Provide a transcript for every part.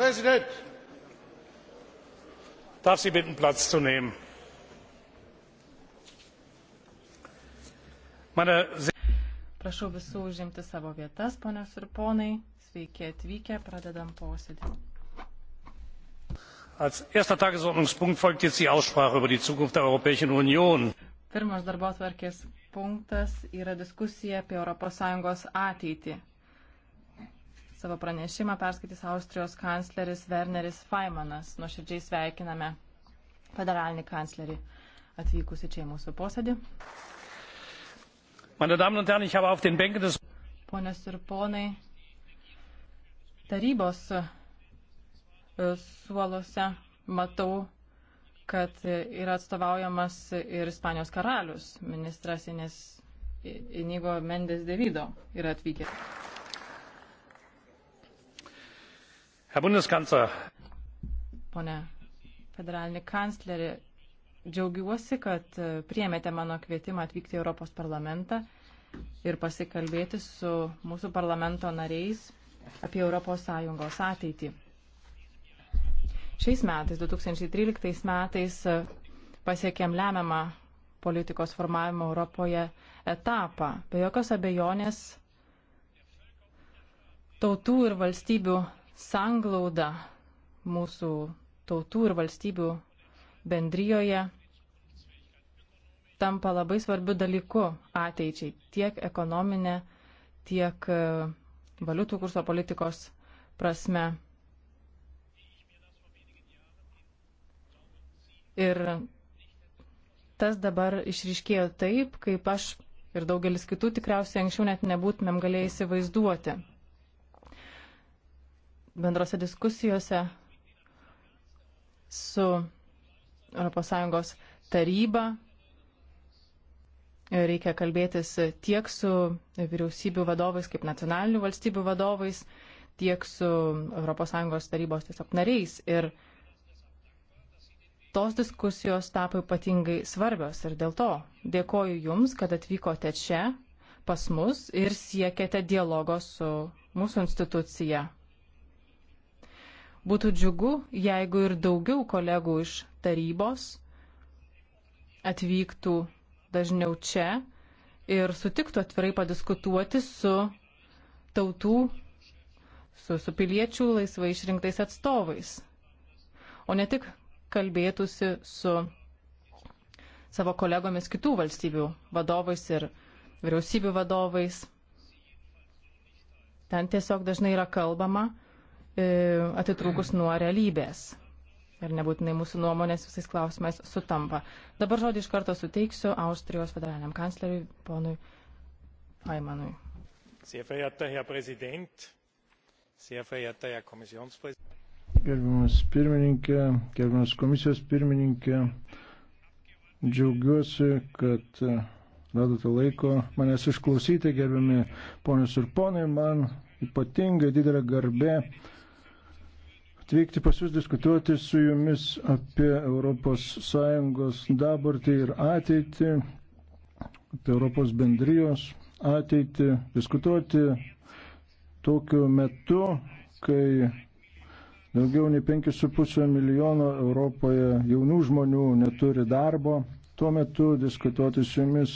präsident! ich darf sie bitten platz zu nehmen. prašau visų užimti savo vietas ponios ir ponai sveiki atvykę pradedam posėdį. als erster tagesordnungspunkt folgt jetzt die aussprache über die zukunft der europäischen union. pirmas darbotvarkės punktas yra diskusija apie europos sąjungos ateitį. Savo pranešimą perskaitys Austrijos kancleris Werneris Feimanas. Nuoširdžiai sveikiname federalinį kanclerį atvykusi čia į mūsų posėdį. Ponios ir ponai, tarybos e, suolose matau, kad yra atstovaujamas ir Ispanijos karalius, ministras Ines Inigo Mendes Devido yra atvykęs. Herr Bundeskanzler. Pone federalinį kanclerį, džiaugiuosi, kad e, priemėte mano kvietimą atvykti į Europos parlamentą ir pasikalbėti su mūsų parlamento nariais apie ES ateitį. Šiais metais, 2013 metais, e, pasiekėm lemiamą politikos formavimo Europoje etapą. Be jokios abejonės, tautų ir valstybių sanglauda mūsų tautų ir valstybių bendryjoje tampa labai svarbiu dalyku ateičiai tiek ekonominė, tiek e, valiutų kurso politikos prasme. Ir tas dabar išryškėjo taip, kaip aš ir daugelis kitų tikriausiai anksčiau net nebūtumėm galėję įsivaizduoti bendrose diskusijose su ES taryba. Reikia kalbėtis tiek su vyriausybių vadovais, kaip nacionalinių valstybių vadovais, tiek su ES tarybos tiesiog nariais. Ir tos diskusijos tapo ypatingai svarbios ir dėl to dėkoju Jums, kad atvykote čia pas mus ir siekėte dialogo su mūsų institucija. Būtų džiugu, jeigu ir daugiau kolegų iš tarybos atvyktų dažniau čia ir sutiktų atvirai padiskutuoti su tautų, su, su piliečių laisvai išrinktais atstovais. O ne tik kalbėtųsi su savo kolegomis kitų valstybių vadovais ir vyriausybių vadovais. Ten tiesiog dažnai yra kalbama E, atitrūkus nuo realybės. Ir nebūtinai mūsų nuomonės visais klausimais sutampa. Dabar žodį iš karto suteiksiu Austrijos federaliniam kancleriui, ponui Feimanui. Gerbiamas pirmininkė, gerbiamas komisijos pirmininkė, džiaugiuosi, kad radote laiko manęs išklausyti, gerbiami ponius ir ponai, man ypatingai didelė garbė atvykti pas jūs diskutuoti su jumis apie ES dabartį ir ateitį, apie Europos bendrijos ateitį, diskutuoti tokiu metu, kai daugiau nei 5,5 milijono Europoje jaunų žmonių neturi darbo. Tuo metu diskutuoti su jumis,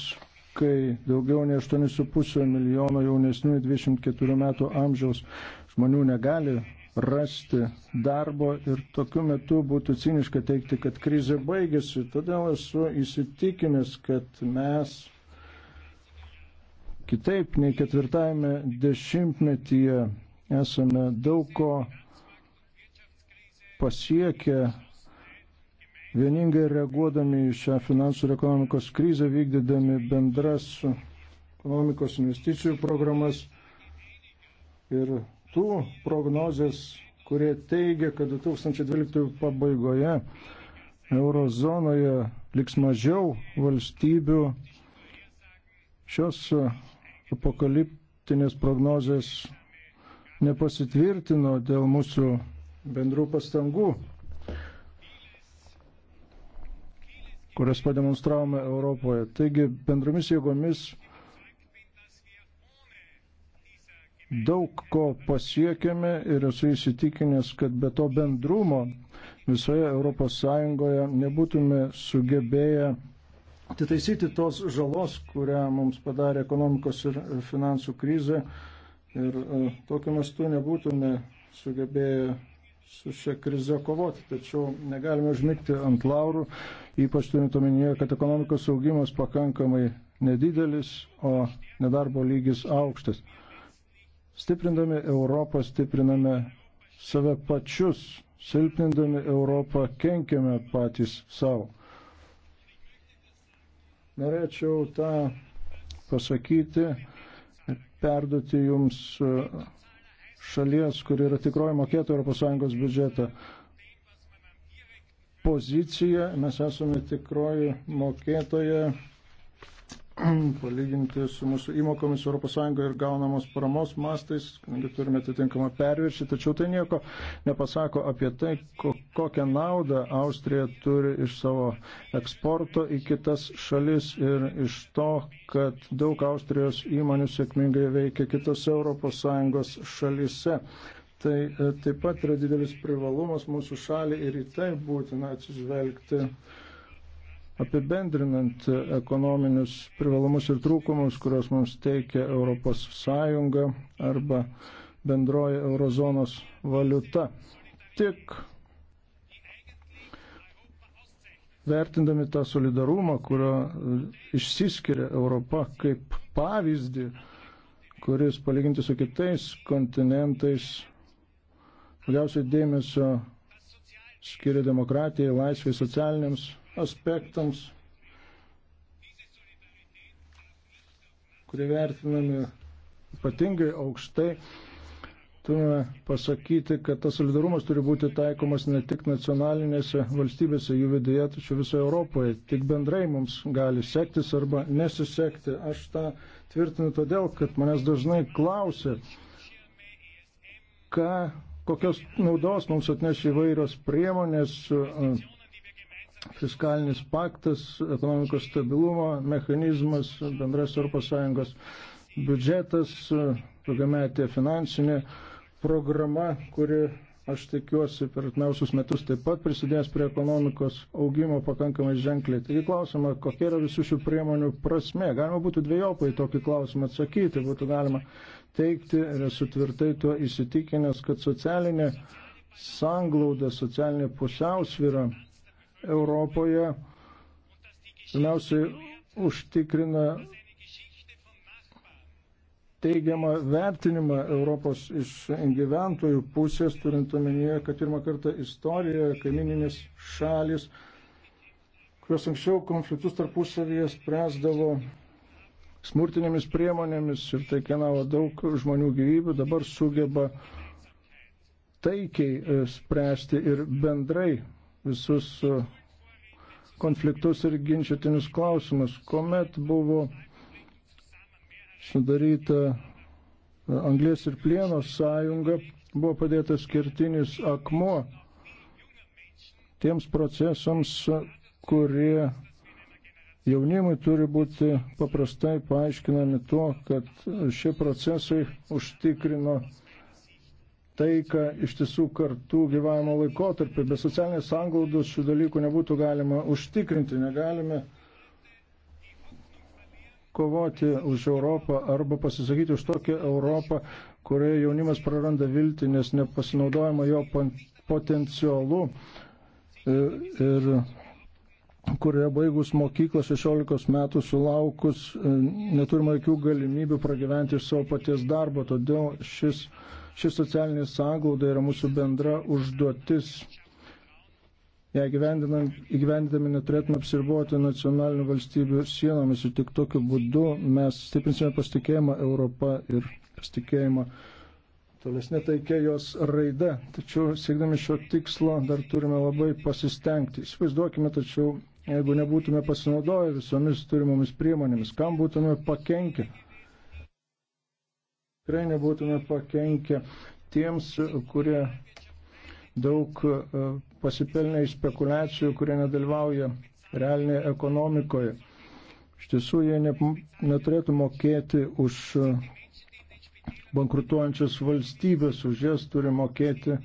kai daugiau nei 8,5 milijono jaunesnių 24 metų amžiaus žmonių negali rasti darbo ir tokiu metu būtų ciniška teikti, kad krizė baigėsi. Todėl esu įsitikinęs, kad mes kitaip nei ketvirtajame dešimtmetyje esame daug ko pasiekę, vieningai reaguodami į šią finansų ir ekonomikos krizę, vykdydami bendras ekonomikos investicijų programas ir tų prognozės, kurie teigia, kad 2012 pabaigoje eurozonoje liks mažiau valstybių. Šios apokaliptinės prognozės nepasitvirtino dėl mūsų bendrų pastangų, kurias pademonstravome Europoje. Taigi bendromis jėgomis daug ko pasiekėme ir esu įsitikinęs, kad be to bendrumo visoje ES nebūtume sugebėję atitaisyti tos žalos, kurią mums padarė ekonomikos ir finansų krizė. Ir e, tokiu mastu nebūtume sugebėję su šia krize kovoti, tačiau negalime užmygti ant laurų, ypač turint omenyje, kad ekonomikos augimas pakankamai nedidelis, o nedarbo lygis aukštas. Stiprindami Europą, stipriname save pačius, silpnindami Europą, kenkiame patys savo. Norėčiau tą pasakyti ir perduoti jums uh, šalies, kur yra tikroji mokėta ES biudžetą pozicija. Mes esame tikroji mokėtoja palyginti su mūsų įmokomis ES ir gaunamos paramos mastais, kadangi turime atitinkamą perviršį, tačiau tai nieko nepasako apie tai, ko, kokią naudą Austrija turi iš savo eksporto į kitas šalis ir iš to, kad daug Austrijos įmonių sėkmingai veikia kitose ES šalise. Tai e, taip pat yra didelis privalumas mūsų šaliai ir į tai būtina atsižvelgti Apibendrinant ekonominius privalumus ir trūkumus, kuriuos mums teikia ES arba bendroji eurozonos valiuta. Tik vertindami tą solidarumą, kurio išsiskiria Europa kaip pavyzdį, kuris palyginti su kitais kontinentais daugiausiai dėmesio skiria demokratijai, laisvai, socialiniams aspektams, kurie vertinami ypatingai aukštai. Turime pasakyti, kad tas solidarumas turi būti taikomas ne tik nacionalinėse valstybėse, jų viduje, tačiau visoje Europoje. Tik bendrai mums gali sektis arba nesisekti. Aš tą tvirtinu todėl, kad manęs dažnai klausia, ką, kokios naudos mums atneš įvairios priemonės, fiskalinis paktas, ekonomikos stabilumo mechanizmas, bendras ES biudžetas, daugiametė finansinė programa, kuri aš tikiuosi per atnausius metus taip pat prisidės prie ekonomikos augimo pakankamai ženkliai. Taigi klausimą, kokia yra visų šių priemonių prasme. Galima būtų dviejopai tokį klausimą atsakyti, būtų galima teikti ir esu tvirtai tuo įsitikinęs, kad socialinė sanglauda, socialinė pusiausvyra Europoje pirmiausiai užtikrina teigiamą vertinimą Europos iš gyventojų pusės, turint omenyje, kad pirmą kartą istorijoje kaimininės šalis, kurios anksčiau konfliktus tarpusavyje spręsdavo smurtinėmis priemonėmis ir tai kainavo daug žmonių gyvybių, dabar sugeba taikiai e, spręsti ir bendrai visus e, konfliktus ir ginčiatinius klausimus. Komet buvo sudaryta e, anglės ir plieno sąjunga, buvo padėtas skirtinis akmuo tiems procesams, kurie jaunimui turi būti paprastai paaiškinami tuo, kad šie procesai užtikrino taiką iš tiesų kartų gyvavimo laikotarpį. Be socialinės sanglaudos šių dalykų nebūtų galima užtikrinti, negalime kovoti už Europą arba pasisakyti už tokią Europą, kurioje jaunimas praranda viltį, nes nepasinaudojama jo potencialu. Ir, e, ir kurioje baigus mokyklą 16 metų sulaukus e, neturime jokių galimybių pragyventi iš savo paties darbo. Todėl šis Ši socialinė sąglauda yra mūsų bendra užduotis. Jei gyvendami neturėtume apsiriboti nacionalinių valstybių sienomis ir tik tokiu būdu mes stiprinsime pasitikėjimą Europą ir pasitikėjimą tolesnė taikė jos raida. Tačiau siekdami šio tikslo dar turime labai pasistengti. Įsivaizduokime, tačiau jeigu nebūtume pasinaudoję visomis turimomis priemonėmis, kam būtume pakenkę tikrai nebūtume pakenkę tiems, kurie daug e, pasipelnė iš spekulacijų, kurie nedalyvauja realinėje ekonomikoje. Iš tiesų, jie ne, neturėtų mokėti už e, bankrutuojančias valstybės, už jas turi mokėti e,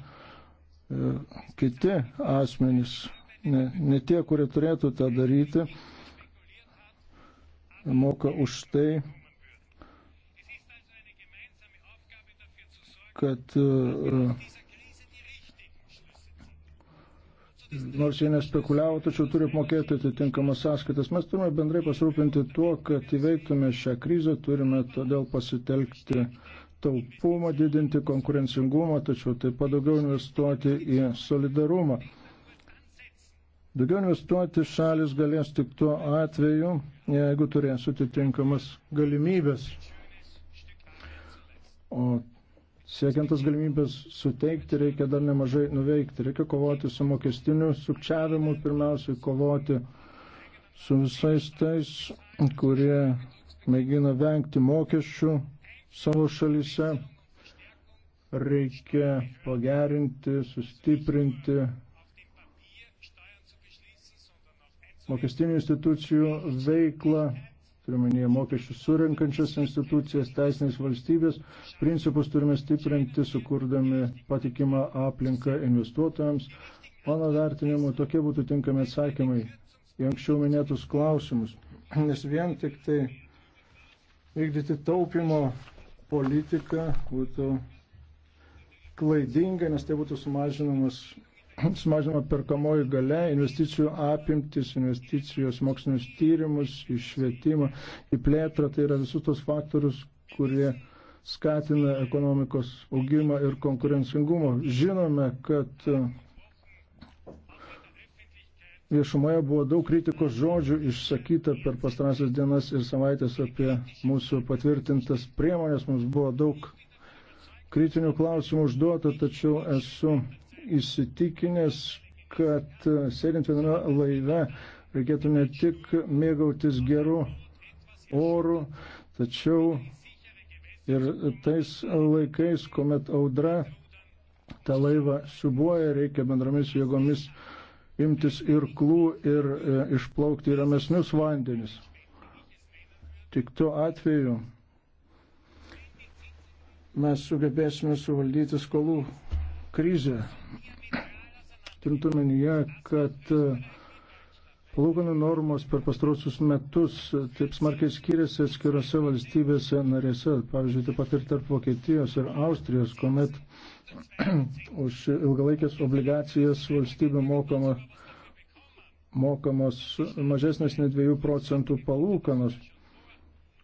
kiti asmenys, ne, ne tie, kurie turėtų tą daryti, moka už tai, kad e, nors jie nespekuliavo, tačiau turi apmokėti atitinkamas sąskaitas. Mes turime bendrai pasirūpinti tuo, kad įveiktume šią krizę, turime todėl pasitelkti taupumą, didinti konkurencingumą, tačiau taip pat daugiau investuoti į solidarumą. Daugiau investuoti šalis galės tik tuo atveju, jeigu turės atitinkamas galimybės. O Siekiantas galimybės suteikti reikia dar nemažai nuveikti. Reikia kovoti su mokestiniu sukčiavimu, pirmiausiai kovoti su visais tais, kurie mėgina vengti mokesčių savo šalyse. Reikia pagerinti, sustiprinti mokestinių institucijų veiklą, turiuomenėje mokesčius surinkančias institucijas, teisinės valstybės. Principus turime stiprinti, sukurdami patikimą aplinką investuotojams. Mano vertinimu, tokie būtų tinkami atsakymai į anksčiau minėtus klausimus. Nes vien tik tai vykdyti taupimo politiką būtų klaidinga, nes tai būtų sumažinamas sumažinama perkamoji gale, investicijų apimtis, investicijos mokslinius tyrimus, iššvietimą, į plėtrą, tai yra visus tos faktorius, kurie skatina ekonomikos augimą ir konkurencingumą. Žinome, kad uh, viešumoje buvo daug kritikos žodžių išsakyta per pastarąsias dienas ir savaitės apie mūsų patvirtintas priemonės. Mums buvo daug kritinių klausimų užduota, tačiau esu įsitikinęs, kad sėdint viename laive reikėtų ne tik mėgautis geru oru, tačiau ir tais laikais, kuomet audra tą laivą subuoja, reikia bendromis jėgomis imtis irklų ir e, išplaukti į ramesnius vandenis. Tik tuo atveju mes sugebėsime suvaldyti skolų krizę. Turint omenyje, kad e, palūkanų normos per pastarosius metus e, taip smarkiai skiriasi atskirose valstybėse narėse, pavyzdžiui, taip pat ir tarp Vokietijos ir Austrijos, kuomet už ilgalaikės obligacijas valstybė mokama, mokamos mažesnės nei 2 procentų palūkanos,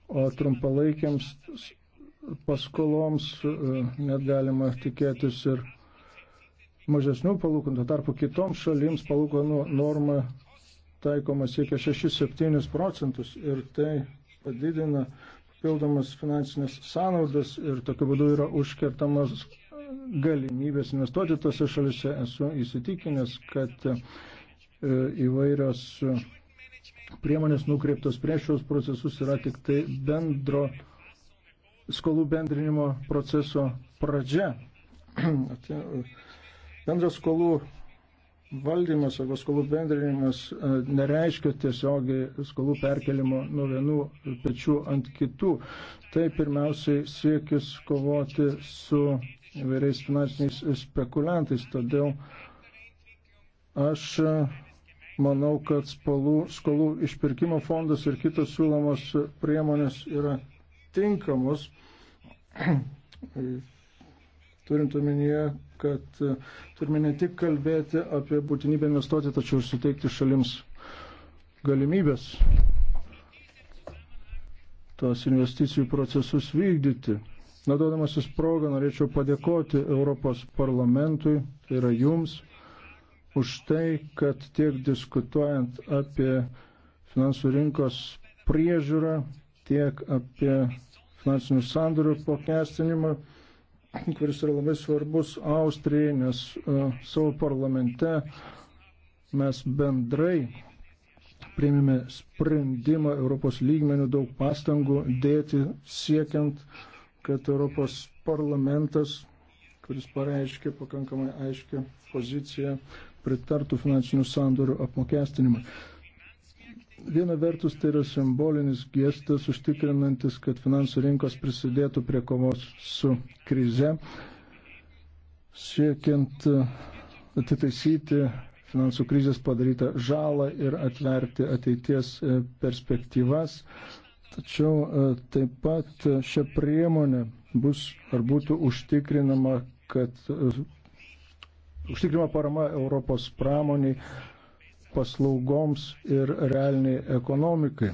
o trumpalaikiams paskoloms e, net galima tikėtis ir mažesnių palūkanų, tuo tarpu kitoms šalims palūkanų norma taikoma siekia 6-7 procentus ir tai padidina pildomas finansinės sąnaudas ir tokiu būdu yra užkertamas galimybės investuoti tose šalise. Esu įsitikinęs, kad e, įvairios e, priemonės nukreiptos prieš šios procesus yra tik tai bendro skolų bendrinimo proceso pradžia. E, Bendras skolų valdymas arba skolų bendrinimas e, nereiškia tiesiogiai skolų perkelimo nuo vienų pečių ant kitų. Tai pirmiausiai siekis kovoti su įvairiais finansiniais spekuliantais. Todėl aš e, manau, kad spalų, skolų išpirkimo fondas ir kitos siūlomos priemonės yra tinkamos e, turint omenyje, kad e, turime ne tik kalbėti apie būtinybę investuoti, tačiau ir suteikti šalims galimybės tos investicijų procesus vykdyti. Naudodamasis progą norėčiau padėkoti Europos parlamentui, tai yra jums, už tai, kad tiek diskutuojant apie finansų rinkos priežiūrą, tiek apie finansinių sandorių pakestinimą, kuris yra labai svarbus Austrijai, nes uh, savo parlamente mes bendrai priėmėme sprendimą Europos lygmenių daug pastangų dėti siekiant, kad Europos parlamentas, kuris pareiškė pakankamai aiškę poziciją, pritartų finansinių sandorių apmokestinimą. Viena vertus tai yra simbolinis gestas užtikrinantis, kad finansų rinkos prisidėtų prie kovos su krize, siekiant e, atitaisyti finansų krizės padarytą žalą ir atverti ateities e, perspektyvas. Tačiau e, taip pat šią priemonę bus ar būtų užtikrinama, kad užtikrinama parama Europos pramoniai paslaugoms ir realiniai ekonomikai.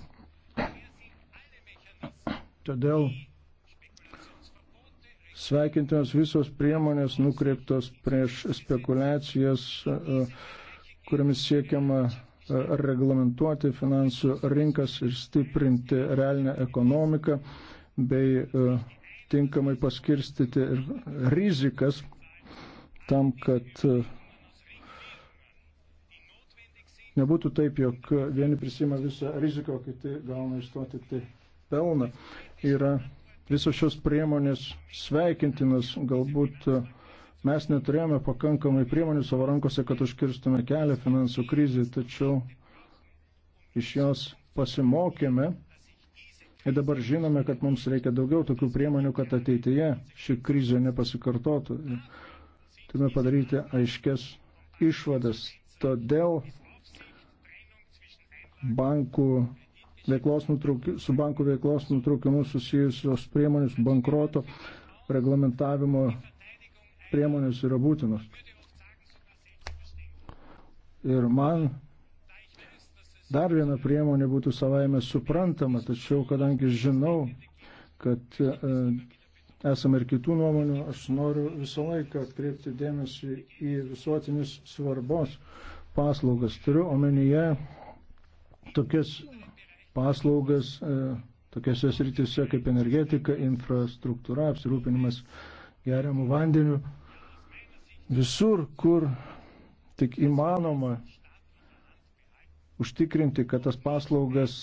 Todėl sveikintinos visos priemonės nukreiptos prieš spekulacijas, e, kuriamis siekiama e, reglamentuoti finansų rinkas ir stiprinti realinę ekonomiką bei e, tinkamai paskirstyti rizikas tam, kad Nebūtų taip, jog vieni prisima visą riziką, kiti gauna iš to tik tai pelną. Yra visos šios priemonės sveikintinas, galbūt e, mes neturėjome pakankamai priemonių savo rankose, kad užkirstume kelią finansų krizį, tačiau iš jos pasimokėme ir dabar žinome, kad mums reikia daugiau tokių priemonių, kad ateityje ši krizė nepasikartotų. Turime padaryti aiškes išvadas. Todėl bankų veiklos nutrauk, su bankų veiklos nutraukimu susijusios priemonės, bankroto reglamentavimo priemonės yra būtinos. Ir man dar viena priemonė būtų savaime suprantama, tačiau kadangi žinau, kad e, esame ir kitų nuomonių, aš noriu visą laiką atkreipti dėmesį į visuotinis svarbos paslaugas. Turiu omenyje tokias paslaugas e, tokiose sritise kaip energetika, infrastruktūra, apsirūpinimas geriamų vandenių. Visur, kur tik įmanoma užtikrinti, kad tas paslaugas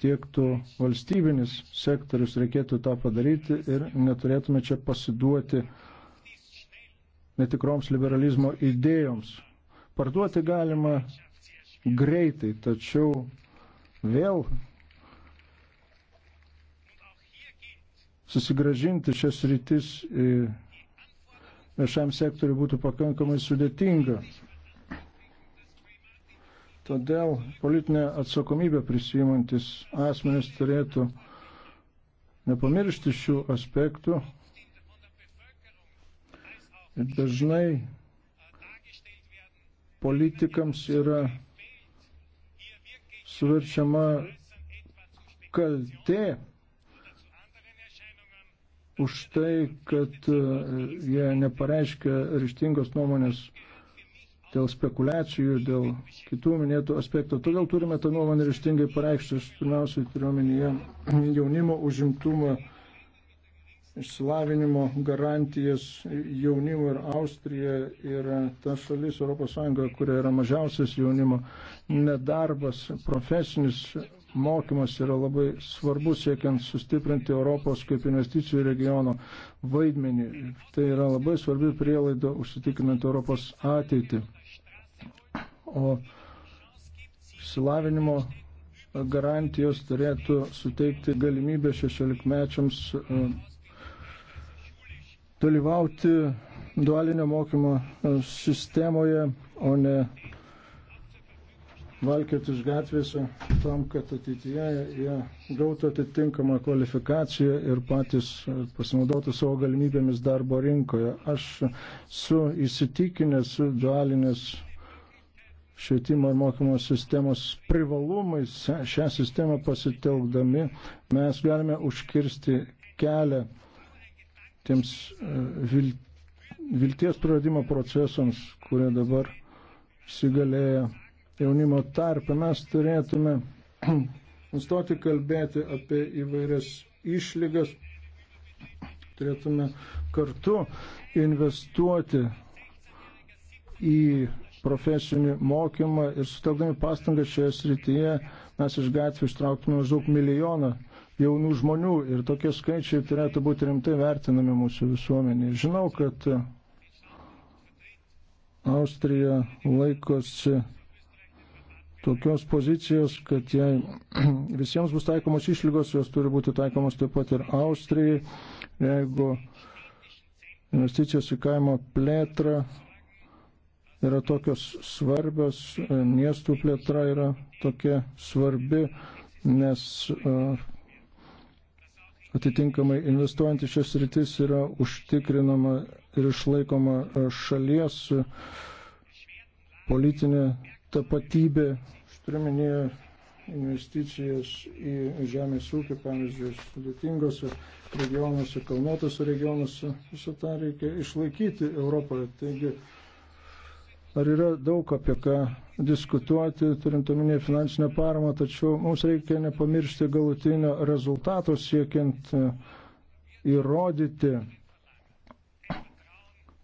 tiektų valstybinis sektorius, reikėtų tą padaryti ir neturėtume čia pasiduoti netikroms liberalizmo idėjoms. Parduoti galima greitai, tačiau vėl susigražinti šias rytis viešam sektoriu būtų pakankamai sudėtinga. Todėl politinė atsakomybė prisijimantis asmenys turėtų nepamiršti šių aspektų. Ir dažnai politikams yra suverčiama kaltė už tai, kad e, jie nepareiškia ryštingos nuomonės dėl spekulacijų, dėl kitų minėtų aspektų. Todėl turime tą nuomonę ryštingai pareikšti. Aš pirmiausiai turiu omenyje jaunimo užimtumą išsilavinimo garantijas jaunimui ir Austrija yra ta šalis ES, kurioje yra mažiausias jaunimo nedarbas, profesinis mokymas yra labai svarbus siekiant sustiprinti Europos kaip investicijų regiono vaidmenį. Tai yra labai svarbi prielaida užsitikrinant Europos ateitį. O išsilavinimo garantijos turėtų suteikti galimybę 16 mečiams dalyvauti dualinio mokymo e, sistemoje, o ne valkioti iš gatvėse tam, kad ateityje jie gautų atitinkamą kvalifikaciją ir patys e, pasinaudotų savo galimybėmis darbo rinkoje. Aš su įsitikinęs dualinės švietimo ir mokymo sistemos privalumais šią sistemą pasitelkdami mes galime užkirsti kelią tiems e, vilties praradimo procesams, kurie dabar įsigalėja jaunimo tarpe, mes turėtume nustoti kalbėti apie įvairias išlygas, turėtume kartu investuoti į profesinį mokymą ir sutelkdami pastangas šioje srityje mes iš gatvių ištrauktume maždaug milijoną jaunų žmonių ir tokie skaičiai turėtų būti rimtai vertinami mūsų visuomenėje. Žinau, kad Austrija laikosi tokios pozicijos, kad jei visiems bus taikomos išlygos, jos turi būti taikomos taip pat ir Austrijai, jeigu investicijos į kaimo plėtrą yra tokios svarbios, miestų plėtra yra tokia svarbi, nes uh, Atitinkamai investuojant į šias rytis yra užtikrinama ir išlaikoma e, šalies e, politinė tapatybė. Aš turiu minėję investicijas į žemės ūkį, pavyzdžiui, sudėtingose regionuose, kalnuotose regionuose. Visą tą reikia išlaikyti Europoje. Taigi, Ar yra daug apie ką diskutuoti, turint omenyje finansinę paramą, tačiau mums reikia nepamiršti galutinio rezultato siekiant e, įrodyti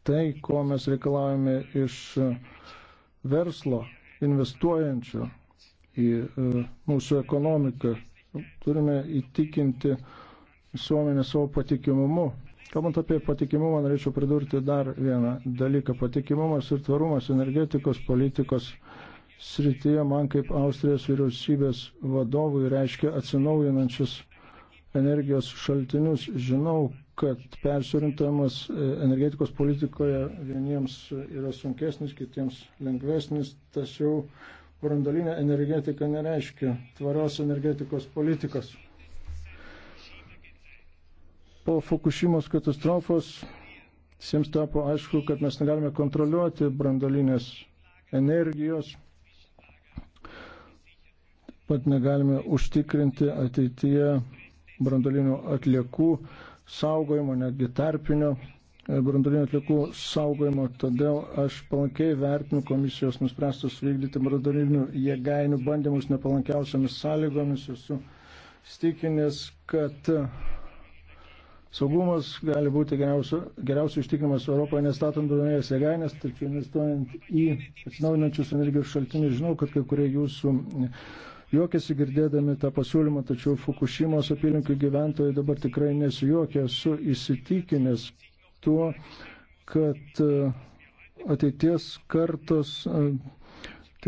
tai, ko mes reikalavome iš e, verslo investuojančio į e, mūsų ekonomiką. Turime įtikinti visuomenę savo patikimumu. Kalbant apie patikimumą, norėčiau pridurti dar vieną dalyką. Patikimumas ir tvarumas energetikos politikos srityje man kaip Austrijos vyriausybės vadovui reiškia atsinaujinančius energijos šaltinius. Žinau, kad persirintamas e, energetikos politikoje vieniems yra sunkesnis, kitiems lengvesnis, tačiau brandolinė energetika nereiškia tvarios energetikos politikos. Po Fukushimos katastrofos visiems tapo aišku, kad mes negalime kontroliuoti brandolinės energijos, pat negalime užtikrinti ateityje brandolinių atliekų saugojimo, netgi tarpinio e, brandolinių atliekų saugojimo. Todėl aš palankiai vertinu komisijos nuspręstus vykdyti brandolinių jėgainių bandymus nepalankiausiamis sąlygomis. Esu stikinęs, kad Saugumas gali būti geriausiai ištikimas Europoje nestatant duonėjas jėgainės, tačiau investuojant į atsinaujinančius energijos šaltinius. Žinau, kad kai kurie jūsų juokiasi girdėdami tą pasiūlymą, tačiau Fukushimos apylinkių gyventojai dabar tikrai nesijuokia. Esu įsitikinęs tuo, kad e, ateities kartos e,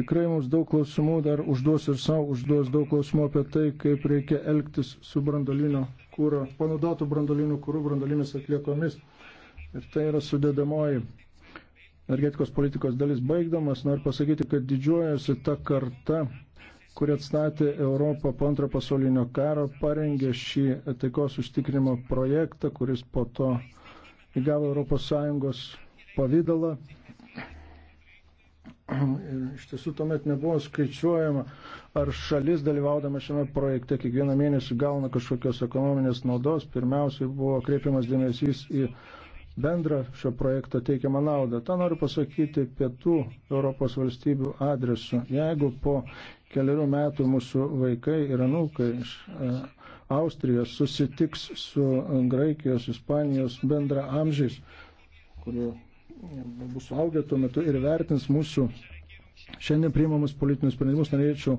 tikrai mums daug klausimų dar užduos ir savo užduos daug klausimų apie tai, kaip reikia elgtis su brandolinio kūro, panaudotų brandolinių kūrų, brandolinis atliekomis. Ir tai yra sudėdamoji energetikos politikos dalis. Baigdamas noriu pasakyti, kad didžiuojasi ta karta, kuri atstatė Europą po antro pasaulinio karo, parengė šį taikos užtikrinimo projektą, kuris po to įgavo ES pavydalą. Ir iš tiesų tuomet nebuvo skaičiuojama, ar šalis dalyvaudama šiame projekte kiekvieną mėnesį gauna kažkokios ekonominės naudos. Pirmiausiai buvo kreipiamas dėmesys į bendrą šio projekto teikiamą naudą. Ta noriu pasakyti pietų Europos valstybių adresu. Jeigu po keliarių metų mūsų vaikai ir anūkai iš e, Austrijos susitiks su Graikijos, Ispanijos bendra amžiais, kurie bus suaugę tuo metu ir vertins mūsų šiandien priimamus politinius sprendimus. Norėčiau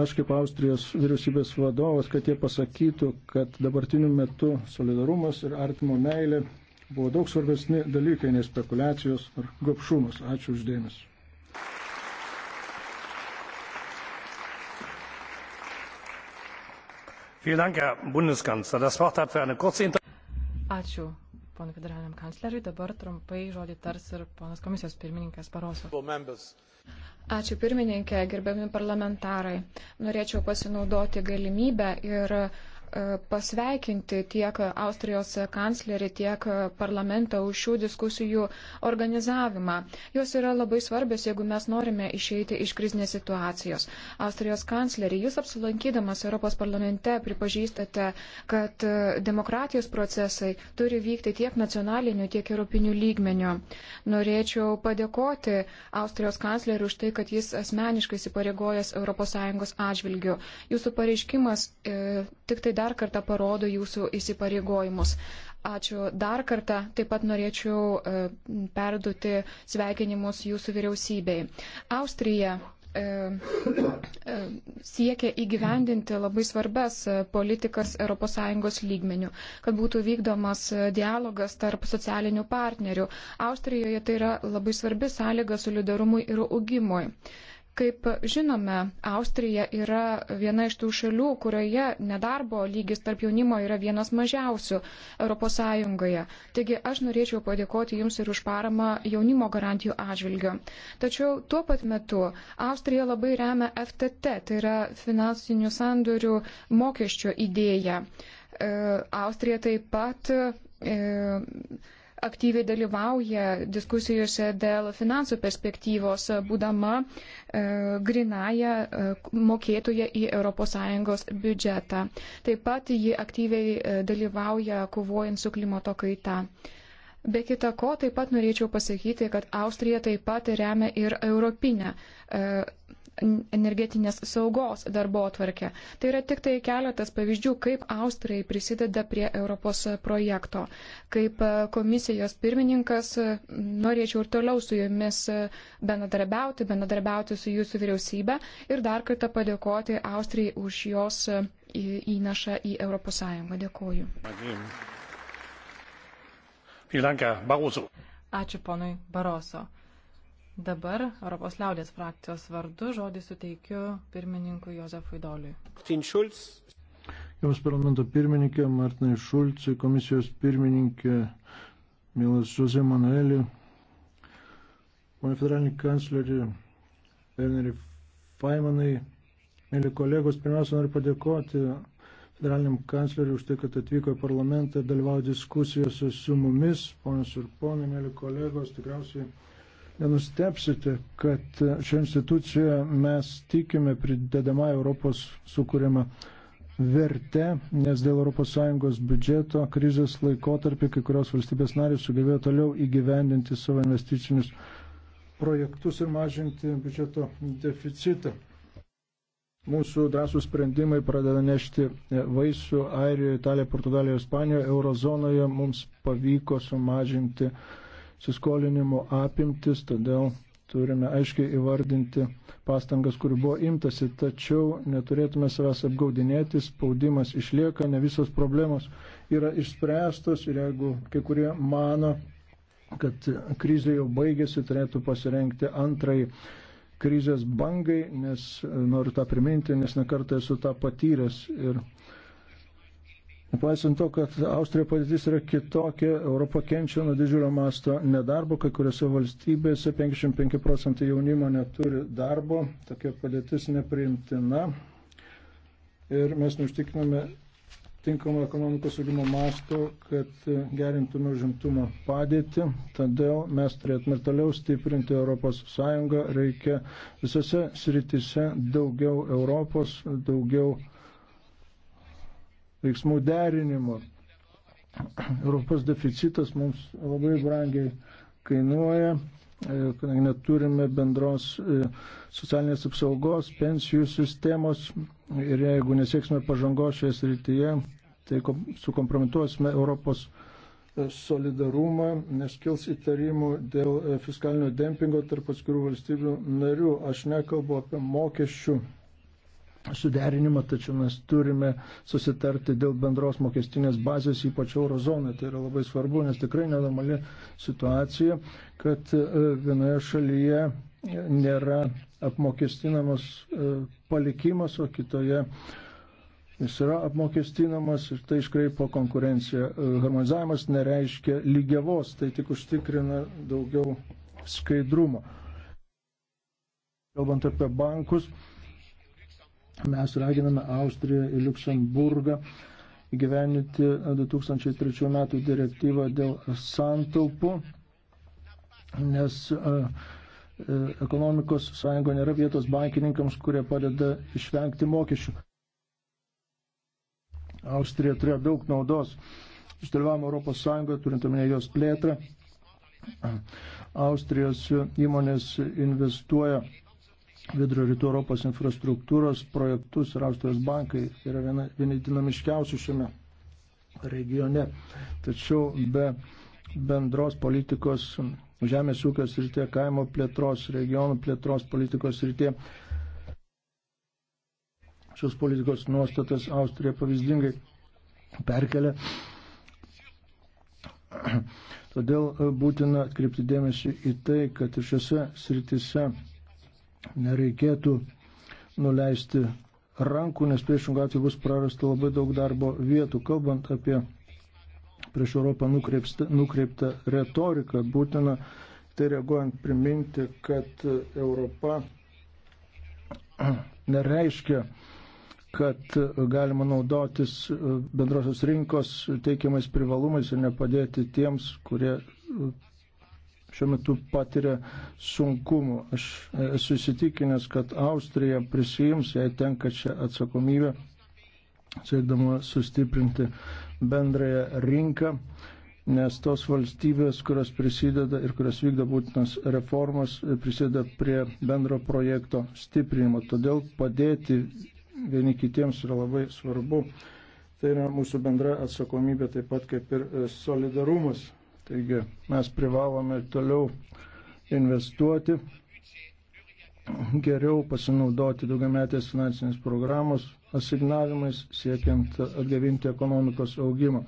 aš kaip Austrijos vyriausybės vadovas, kad jie pasakytų, kad dabartiniu metu solidarumas ir artimo meilė buvo daug svarbesni dalykai nei spekulacijos ar gopšumas. Ačiū uždėmesi. Vielen Dank, Herr Bundeskanzler. Das Wort hat für eine kurze Ačiū, ponui federaliniam kancleriui. Dabar trumpai žodį tars ir ponas komisijos pirmininkas Paroso. Ačiū pirmininkė, gerbiami parlamentarai. Norėčiau pasinaudoti galimybę ir E, pasveikinti tiek Austrijos kanclerį, tiek parlamentą už šių diskusijų organizavimą. Jos yra labai svarbios, jeigu mes norime išeiti iš krizinės situacijos. Austrijos kanclerį, jūs apsilankydamas Europos parlamente pripažįstate, kad e, demokratijos procesai turi vykti tiek nacionaliniu, tiek europiniu lygmeniu. Norėčiau padėkoti Austrijos kancleriui už tai, kad jis asmeniškai įsipareigojęs ES atžvilgiu. Jūsų pareiškimas e, tik tai dar kartą parodo jūsų įsipareigojimus. Ačiū dar kartą. Taip pat norėčiau e, perduoti sveikinimus jūsų vyriausybei. Austrija e, e, siekia įgyvendinti labai svarbes politikas ES lygmenių, kad būtų vykdomas dialogas tarp socialinių partnerių. Austrijoje tai yra labai svarbi sąlyga solidarumui ir augimui. Kaip žinome, Austrija yra viena iš tų šalių, kurioje nedarbo lygis tarp jaunimo yra vienas mažiausių ES. Taigi aš norėčiau padėkoti Jums ir už paramą jaunimo garantijų atžvilgiu. Tačiau tuo pat metu Austrija labai remia FTT, tai yra finansinių sandorių mokesčio idėją. E, Austrija taip pat. E, aktyviai dalyvauja diskusijose dėl finansų perspektyvos, būdama e, grinaja e, mokėtoje į ES biudžetą. Taip pat ji aktyviai e, dalyvauja kovojant su klimato kaita. Be kita ko, taip pat norėčiau pasakyti, kad Austrija taip pat remia ir europinę e, energetinės saugos darbo atvarkę. Tai yra tik tai keletas pavyzdžių, kaip Austrai prisideda prie Europos projekto. Kaip komisijos pirmininkas norėčiau ir toliau su jumis bendradarbiauti, bendradarbiauti su jūsų vyriausybė ir dar kartą padėkoti Austrijai už jos įnašą į ES. Dėkuoju. Ačiū ponui Baroso. Dabar Europos liaudės frakcijos vardu žodį suteikiu pirmininkui Jozefui Doliui. Jums parlamento pirmininkė Martinai Šulcui, komisijos pirmininkė Milas Žuze Manuelį, mano federalinį kanclerį Wernerį Faimanai, mėly kolegos, pirmiausia noriu padėkoti federaliniam kancleriui už tai, kad atvyko į parlamentą ir dalyvavo diskusijose su mumis, ponios ir ponai, mėly kolegos, tikriausiai Nenustepsite, kad šioje institucijoje mes tikime pridedama Europos sukūrimą verte, nes dėl ES biudžeto krizės laikotarpį kai kurios valstybės narės sugebėjo toliau įgyvendinti savo investicinius projektus ir mažinti biudžeto deficitą. Mūsų drąsų sprendimai pradeda nešti vaisių Airijoje, Italijoje, Portugalijoje, Ispanijoje, Eurozonoje mums pavyko sumažinti įsiskolinimo apimtis, todėl turime aiškiai įvardinti pastangas, kurių buvo imtasi, tačiau neturėtume savęs apgaudinėti, spaudimas išlieka, ne visos problemos yra išspręstos ir jeigu kai kurie mano, kad krizė jau baigėsi, turėtų pasirenkti antrai krizės bangai, nes noriu tą priminti, nes nekartą esu tą patyręs ir Nepaisant to, kad Austrija padėtis yra kitokia, Europa kenčia nuo didžiulio masto nedarbo, kai kuriuose valstybėse 55 procentai jaunimo neturi darbo, tokia padėtis nepriimtina. Ir mes neužtikriname tinkamo ekonomikos augimo masto, kad gerintume užimtumo padėtį. Todėl mes turėtume ir toliau stiprinti ES, reikia visose sritise daugiau Europos, daugiau Europos veiksmų derinimo. Europos deficitas mums labai brangiai kainuoja, e, kadangi neturime bendros e, socialinės apsaugos, pensijų sistemos ir jeigu nesieksime pažangos šioje srityje, tai sukompromituosime Europos e, solidarumą, nes kils įtarimų dėl fiskalinio dempingo tarp atskirų valstybių narių. Aš nekalbu apie mokesčių suderinimą, tačiau mes turime susitarti dėl bendros mokestinės bazės, ypač eurozonai. Tai yra labai svarbu, nes tikrai nenormali situacija, kad e, vienoje šalyje e, nėra apmokestinamas e, palikimas, o kitoje jis yra apmokestinamas ir tai iškreipo konkurenciją. Harmonizavimas nereiškia lygiavos, tai tik užtikrina daugiau skaidrumo. Kalbant apie bankus, Mes raginame Austriją ir Luksemburgą įgyveninti 2003 metų direktyvą dėl santaupų, nes e, ekonomikos sąjungo nėra vietos bankininkams, kurie padeda išvengti mokesčių. Austrija turėjo daug naudos iš dalyvavimo Europos sąjungoje, turint omenyje jos plėtrą. Austrijos įmonės investuoja Vidurio rytų Europos infrastruktūros projektus ir Austrijos bankai yra viena, vieni dinamiškiausių šiame regione. Tačiau be bendros politikos žemės ūkio srityje, kaimo plėtros, regionų plėtros politikos srityje šios politikos nuostatas Austrija pavyzdingai perkelia. Todėl būtina atkreipti dėmesį į tai, kad ir šiose sritise nereikėtų nuleisti rankų, nes priešingų atveju bus prarasta labai daug darbo vietų. Kalbant apie prieš Europą nukreiptą retoriką, būtina tai reaguojant priminti, kad Europa nereiškia, kad galima naudotis bendrosios rinkos teikiamais privalumais ir nepadėti tiems, kurie šiuo metu patiria sunkumų. Aš e, esu įsitikinęs, kad Austrija prisijims, jei tenka čia atsakomybė, siekdama sustiprinti bendrąją rinką, nes tos valstybės, kurios prisideda ir kurios vykdo būtinas reformas, e, prisideda prie bendro projekto stiprinimo. Todėl padėti vieni kitiems yra labai svarbu. Tai yra mūsų bendra atsakomybė taip pat kaip ir e, solidarumas Taigi mes privalome toliau investuoti, geriau pasinaudoti daugiametės finansinės programos asignavimais, siekiant atgavinti ekonomikos augimą.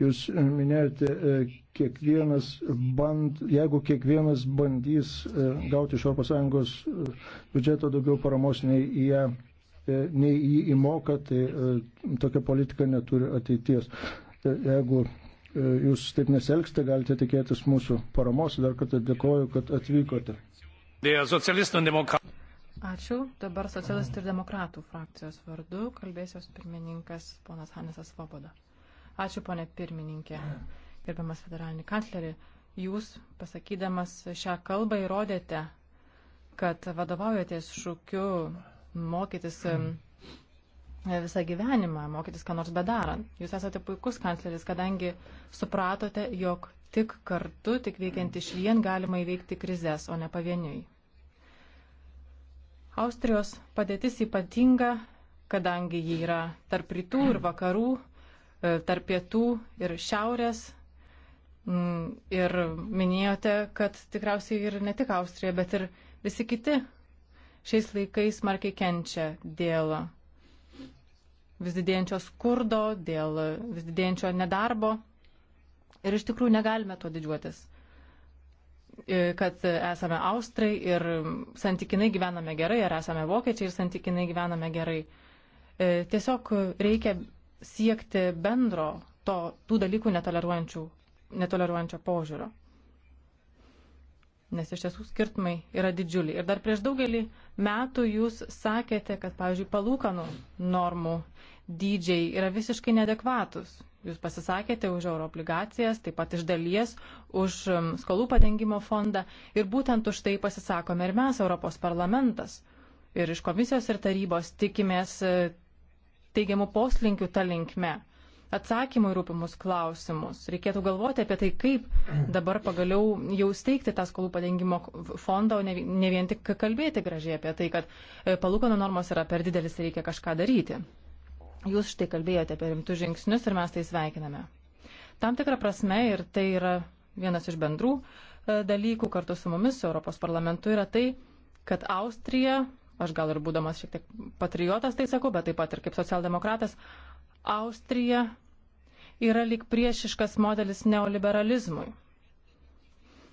Jūs minėjote, e, kiekvienas band, jeigu kiekvienas bandys e, gauti iš ES e, biudžeto daugiau paramos nei į ją nei į įmoką, tai tokia politika neturi ateities. Jeigu E, jūs taip neselgsite, galite tikėtis mūsų paramos. Dar kartą dėkoju, kad atvykote. Ačiū. Dabar socialistų ir demokratų frakcijos vardu kalbėsios pirmininkas ponas Hanesas Svoboda. Ačiū, ponė pirmininkė. Gerbiamas federalinį kanclerį, jūs pasakydamas šią kalbą įrodėte, kad vadovaujatės šūkiu mokytis. Mm visą gyvenimą mokytis, ką nors bedarant. Jūs esate puikus kancleris, kadangi supratote, jog tik kartu, tik veikiant iš vien galima įveikti krizės, o ne pavieniui. Austrijos padėtis ypatinga, kadangi ji yra tarp rytų ir vakarų, e, tarp pietų ir šiaurės. Mm, ir minėjote, kad tikriausiai ir ne tik Austrija, bet ir visi kiti šiais laikais markiai kenčia dėl vis didėjančio skurdo, dėl vis didėjančio nedarbo. Ir iš tikrųjų negalime tuo didžiuotis, e, kad esame Austrai ir santykinai gyvename gerai, ar esame Vokiečiai ir santykinai gyvename gerai. E, tiesiog reikia siekti bendro to, tų dalykų netoleruojančio požiūrio nes iš tiesų skirtumai yra didžiuliai. Ir dar prieš daugelį metų jūs sakėte, kad, pavyzdžiui, palūkanų normų dydžiai yra visiškai nedekvatus. Jūs pasisakėte už euroobligacijas, taip pat iš dalies už um, skolų padengimo fondą ir būtent už tai pasisakome ir mes, Europos parlamentas. Ir iš komisijos ir tarybos tikimės e, teigiamų poslinkių tą linkme atsakymų į rūpimus klausimus. Reikėtų galvoti apie tai, kaip dabar pagaliau jau steigti tą skolų padengimo fondą, o ne, ne vien tik kalbėti gražiai apie tai, kad e, palūkanų normos yra per didelis ir reikia kažką daryti. Jūs štai kalbėjote apie rimtus žingsnius ir mes tai sveikiname. Tam tikrą prasme ir tai yra vienas iš bendrų e, dalykų kartu su mumis, su Europos parlamentu, yra tai, kad Austrija, aš gal ir būdamas šiek tiek patriotas tai sakau, bet taip pat ir kaip socialdemokratas, Austrija yra lik priešiškas modelis neoliberalizmui.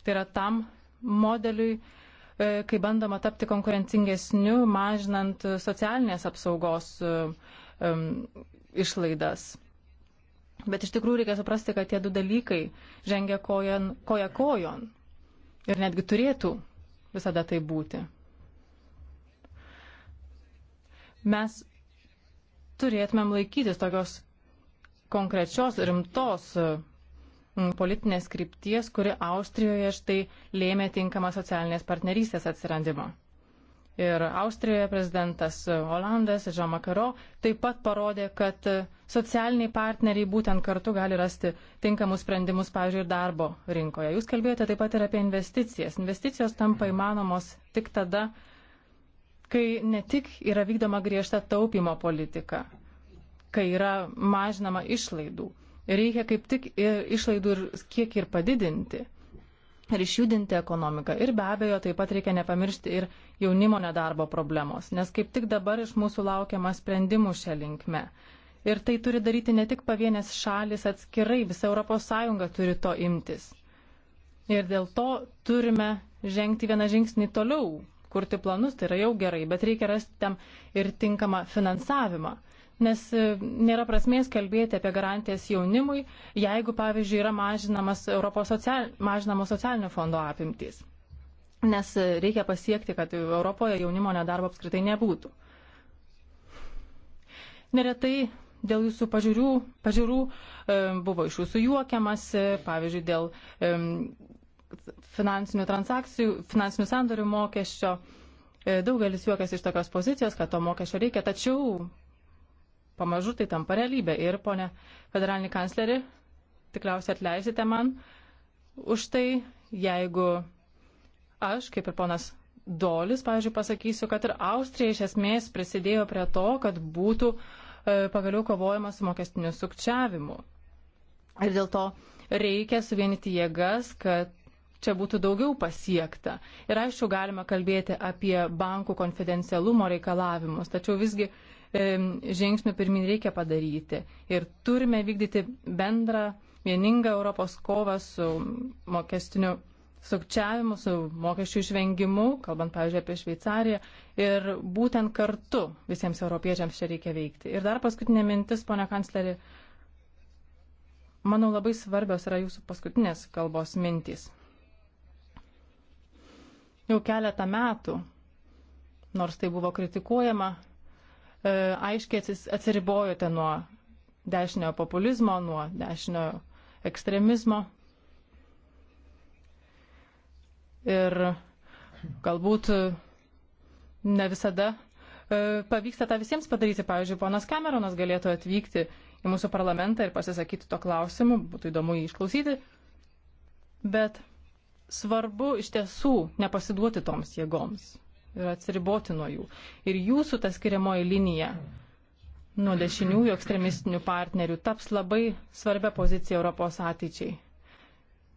Tai yra tam modeliui, e, kai bandoma tapti konkurencingesniu, mažinant socialinės apsaugos e, e, išlaidas. Bet iš tikrųjų reikia suprasti, kad tie du dalykai žengia kojon, koja kojon. Ir netgi turėtų visada tai būti. Mes turėtumėm laikytis tokios konkrečios rimtos mm, politinės krypties, kuri Austrijoje štai lėmė tinkamą socialinės partnerystės atsirandimą. Ir Austrijoje prezidentas Olandas Jean Macaro taip pat parodė, kad socialiniai partneriai būtent kartu gali rasti tinkamus sprendimus, pavyzdžiui, ir darbo rinkoje. Jūs kalbėjote taip pat ir apie investicijas. Investicijos tampa įmanomos tik tada, kai ne tik yra vykdoma griežta taupimo politika, kai yra mažinama išlaidų, reikia kaip tik ir išlaidų ir kiek ir padidinti ir išjudinti ekonomiką. Ir be abejo, taip pat reikia nepamiršti ir jaunimo nedarbo problemos, nes kaip tik dabar iš mūsų laukiama sprendimų šią linkmę. Ir tai turi daryti ne tik pavienės šalis atskirai, visa ES turi to imtis. Ir dėl to turime žengti vieną žingsnį toliau, kurti planus, tai yra jau gerai, bet reikia rasti tam ir tinkamą finansavimą. Nes e, nėra prasmės kalbėti apie garantijas jaunimui, jeigu, pavyzdžiui, yra mažinamas Europos social, mažinamos socialinio fondo apimtys. Nes e, reikia pasiekti, kad Europoje jaunimo nedarbo apskritai nebūtų. Neretai dėl jūsų pažiūrų, pažiūrų e, buvo iš jūsų juokiamasi, pavyzdžiui, dėl finansinių transakcijų, finansinių sandorių mokesčio. E, daugelis juokiasi iš tokios pozicijos, kad to mokesčio reikia, tačiau pamažu tai tampa realybė. Ir, ponė federalinį kanclerį, tikriausiai atleisite man už tai, jeigu aš, kaip ir ponas Dolis, pavyzdžiui, pasakysiu, kad ir Austrija iš esmės prisidėjo prie to, kad būtų e, pagaliau kovojama su mokestiniu sukčiavimu. Ir dėl to reikia suvienyti jėgas, kad čia būtų daugiau pasiekta. Ir aišku, galima kalbėti apie bankų konfidencialumo reikalavimus, tačiau visgi žingsnių pirmin reikia padaryti. Ir turime vykdyti bendrą, vieningą Europos kovą su mokestiniu sukčiavimu, su mokesčių išvengimu, kalbant, pavyzdžiui, apie Šveicariją. Ir būtent kartu visiems europiečiams čia reikia veikti. Ir dar paskutinė mintis, ponia kancleri, manau labai svarbios yra jūsų paskutinės kalbos mintys jau keletą metų, nors tai buvo kritikuojama, e, aiškiai atsiribojote nuo dešinio populizmo, nuo dešinio ekstremizmo. Ir galbūt ne visada e, pavyksta tą visiems padaryti. Pavyzdžiui, ponas Cameronas galėtų atvykti į mūsų parlamentą ir pasisakyti to klausimu, būtų įdomu jį išklausyti. Bet svarbu iš tiesų nepasiduoti toms jėgoms ir atsiriboti nuo jų. Ir jūsų ta skiriamoji linija nuo dešiniųjų ekstremistinių partnerių taps labai svarbia pozicija Europos ateičiai.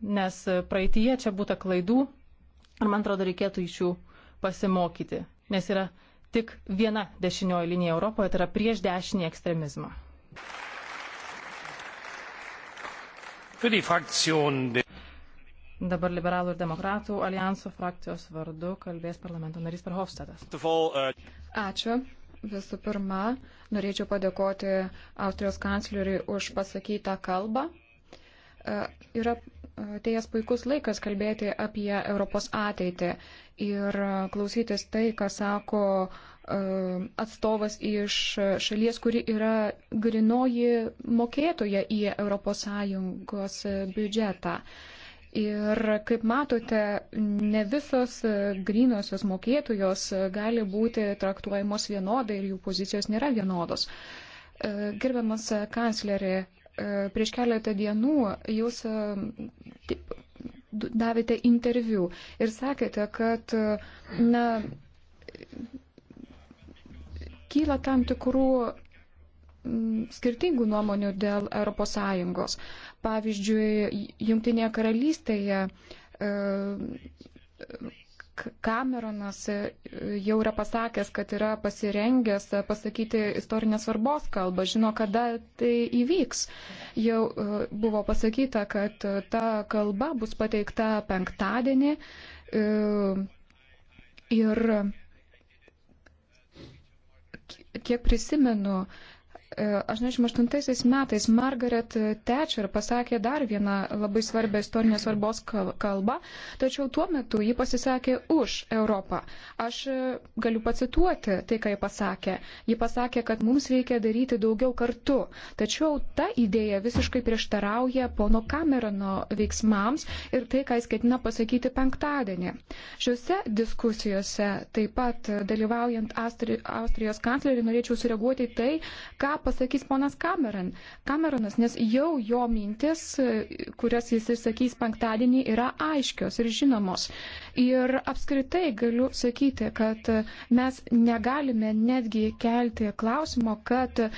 Nes praeitie čia būta klaidų ir man atrodo reikėtų iš jų pasimokyti. Nes yra tik viena dešinioji linija Europoje, tai yra prieš dešinį ekstremizmą. Für die Fraktion der Dabar liberalų ir demokratų alijanso frakcijos vardu kalbės parlamento narys Perhofstadas. Uh, Ačiū. Visų pirma, norėčiau padėkoti Austrijos kancleriui už pasakytą kalbą. E, yra e, atėjęs puikus laikas kalbėti apie Europos ateitį ir klausytis tai, ką sako e, atstovas iš šalies, kuri yra grinoji mokėtoja į ES biudžetą. Ir kaip matote, ne visos grinosios mokėtojos gali būti traktuojamos vienodai ir jų pozicijos nėra vienodos. E, gerbiamas kanclerė, e, prieš keletą dienų jūs e, davėte interviu ir sakėte, kad na, kyla tam tikrų skirtingų nuomonių dėl ES. Pavyzdžiui, Junktinėje karalystėje e, Kameronas e, jau yra pasakęs, kad yra pasirengęs pasakyti istorinės svarbos kalbą, žino, kada tai įvyks. Jau e, buvo pasakyta, kad ta kalba bus pateikta penktadienį ir kiek prisimenu, 88 e, metais Margaret Thatcher pasakė dar vieną labai svarbę istorinės svarbos kalbą, tačiau tuo metu ji pasisakė už Europą. Aš e, galiu pacituoti tai, ką ji pasakė. Ji pasakė, kad mums reikia daryti daugiau kartu, tačiau ta idėja visiškai prieštarauja pono Camerono veiksmams ir tai, ką jis ketina pasakyti penktadienį. Šiuose diskusijose taip pat dalyvaujant Austrijos kanclerį norėčiau sureaguoti į tai, ką pasakys ponas Cameron, Cameronas, nes jau jo mintis, kurias jis išsakys penktadienį, yra aiškios ir žinomos. Ir apskritai galiu sakyti, kad mes negalime netgi kelti klausimo, kad e,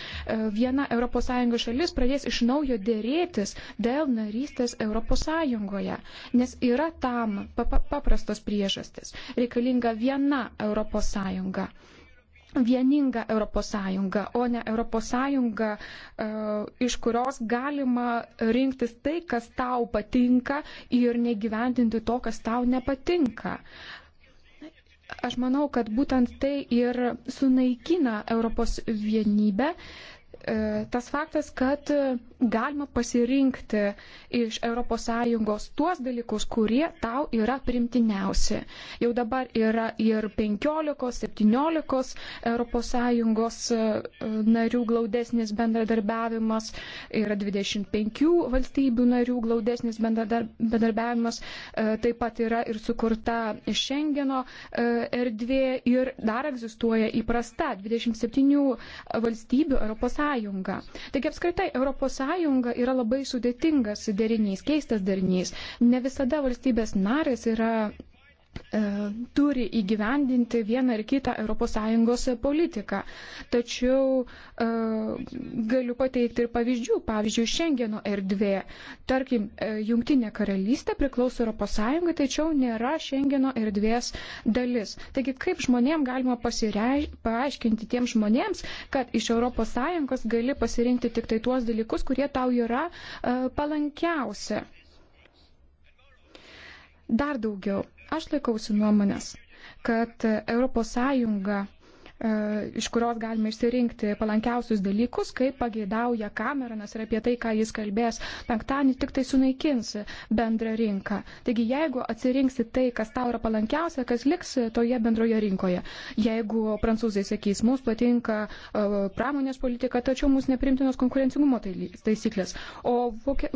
viena ES šalis pradės iš naujo dėrėtis dėl narystės ES, nes yra tam paprastos priežastis. Reikalinga viena ES vieninga ES, o ne ES, e, iš kurios galima rinktis tai, kas tau patinka ir negyvendinti to, kas tau nepatinka. Aš manau, kad būtent tai ir sunaikina Europos vienybę, E, tas faktas, kad e, galima pasirinkti iš ES tuos dalykus, kurie tau yra primtiniausi. Jau dabar yra ir 15-17 ES e, narių glaudesnis bendradarbiavimas, yra 25 valstybių narių glaudesnis bendradarbiavimas, taip pat yra ir sukurta Schengeno erdvė ir dar egzistuoja įprasta 27 valstybių ES sąjungą. Taigi apskritai Europos sąjunga yra labai sudėtingas derinys, keistas derinys. Ne visada valstybės narės yra E, turi įgyvendinti vieną ar kitą ES politiką. Tačiau e, galiu pateikti ir pavyzdžių, pavyzdžiui, Šengeno erdvė. Tarkim, e, Jungtinė karalystė priklauso ES, tačiau nėra Šengeno erdvės dalis. Taigi, kaip žmonėm galima pasireiš, paaiškinti tiems žmonėms, kad iš ES gali pasirinkti tik tai tuos dalykus, kurie tau yra e, palankiausi. Dar daugiau Aš laikausi nuomonės, kad ES E, iš kurios galime išsirinkti palankiausius dalykus, kaip pageidauja Kameronas ir apie tai, ką jis kalbės. Penktadienį tik tai sunaikins bendrą rinką. Taigi, jeigu atsirinksi tai, kas tau yra palankiausia, kas liks toje bendroje rinkoje. Jeigu prancūzai sakys, mums patinka e, pramonės politika, tačiau mums neprimtinos konkurencingumo tai taisyklės. O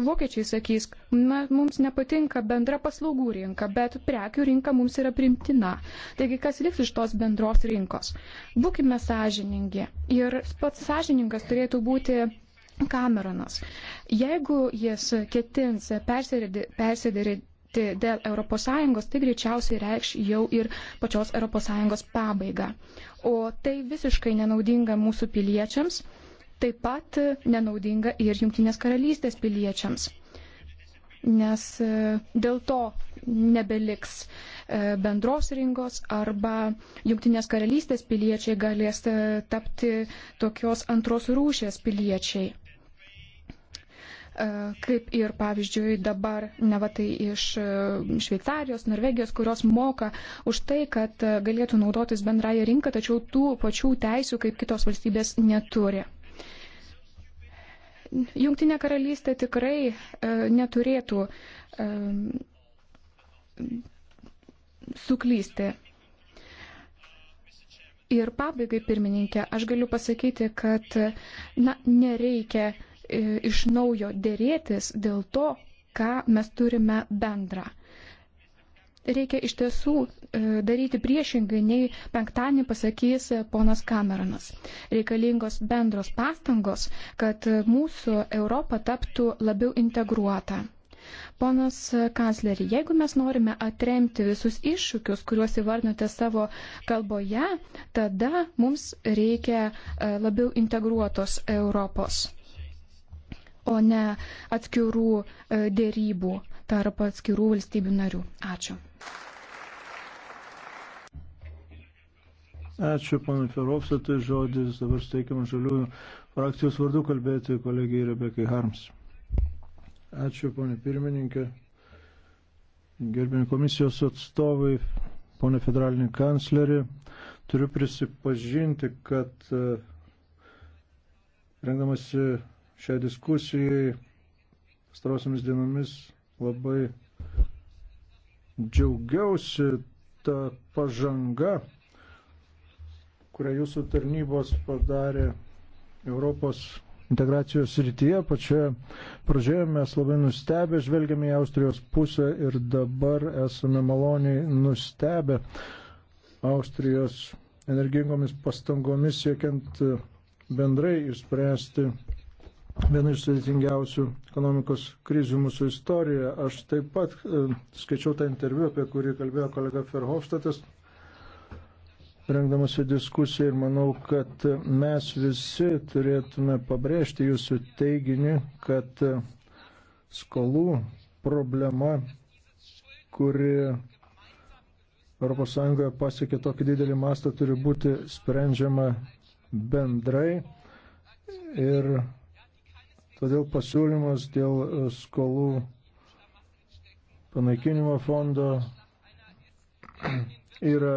vokiečiai sakys, na, mums nepatinka bendra paslaugų rinka, bet prekių rinka mums yra primtina. Taigi, kas liks iš tos bendros rinkos? Būkime sąžiningi. Ir pats sąžiningas turėtų būti Kameronas. Jeigu jis ketins persidaryti dėl ES, tai greičiausiai reikš jau ir pačios ES pabaigą. O tai visiškai nenaudinga mūsų piliečiams, taip pat nenaudinga ir Junktinės karalystės piliečiams. Nes e, dėl to nebeliks e, bendros rinkos arba jungtinės karalystės piliečiai galės e, tapti tokios antros rūšės piliečiai. E, kaip ir pavyzdžiui dabar nevatai iš Šveicarijos, Norvegijos, kurios moka už tai, kad galėtų naudotis bendrąją rinką, tačiau tų pačių teisių kaip kitos valstybės neturi. Jungtinė karalystė tikrai e, neturėtų e, suklysti. Ir pabaigai, pirmininkė, aš galiu pasakyti, kad na, nereikia e, iš naujo dėrėtis dėl to, ką mes turime bendrą. Reikia iš tiesų e, daryti priešingai, nei penktadienį pasakys e, ponas Kameronas. Reikalingos bendros pastangos, kad e, mūsų Europa taptų labiau integruota. Ponas kancleri, jeigu mes norime atremti visus iššūkius, kuriuos įvardinote savo kalboje, tada mums reikia e, labiau integruotos Europos, o ne atskirų e, dėrybų tarp atskirų valstybių narių. Ačiū. Ačiū, panai Ferovsa, tai žodis dabar steikiamas žaliųjų frakcijos vardu kalbėti kolegijai Rebekai Harms. Ačiū, ponė pirmininkė. Gerbėjai komisijos atstovai, ponė federalinė kanclerė, turiu prisipažinti, kad e, rengdamasi šią diskusiją starosiamis dienomis labai džiaugiausi ta pažanga, kurią jūsų tarnybos padarė Europos integracijos srityje. Pačioje pradžioje mes labai nustebę žvelgiame į Austrijos pusę ir dabar esame maloniai nustebę Austrijos energingomis pastangomis siekiant e, bendrai išspręsti vieną iš sudėtingiausių ekonomikos krizių mūsų istorijoje. Aš taip pat e, skaičiau tą interviu, apie kurį kalbėjo kolega Ferhofštatas rengdamasi diskusiją ir manau, kad mes visi turėtume pabrėžti jūsų teiginį, kad skolų problema, kuri ES pasiekė tokį didelį mastą, turi būti sprendžiama bendrai. Ir todėl pasiūlymas dėl skolų panaikinimo fondo yra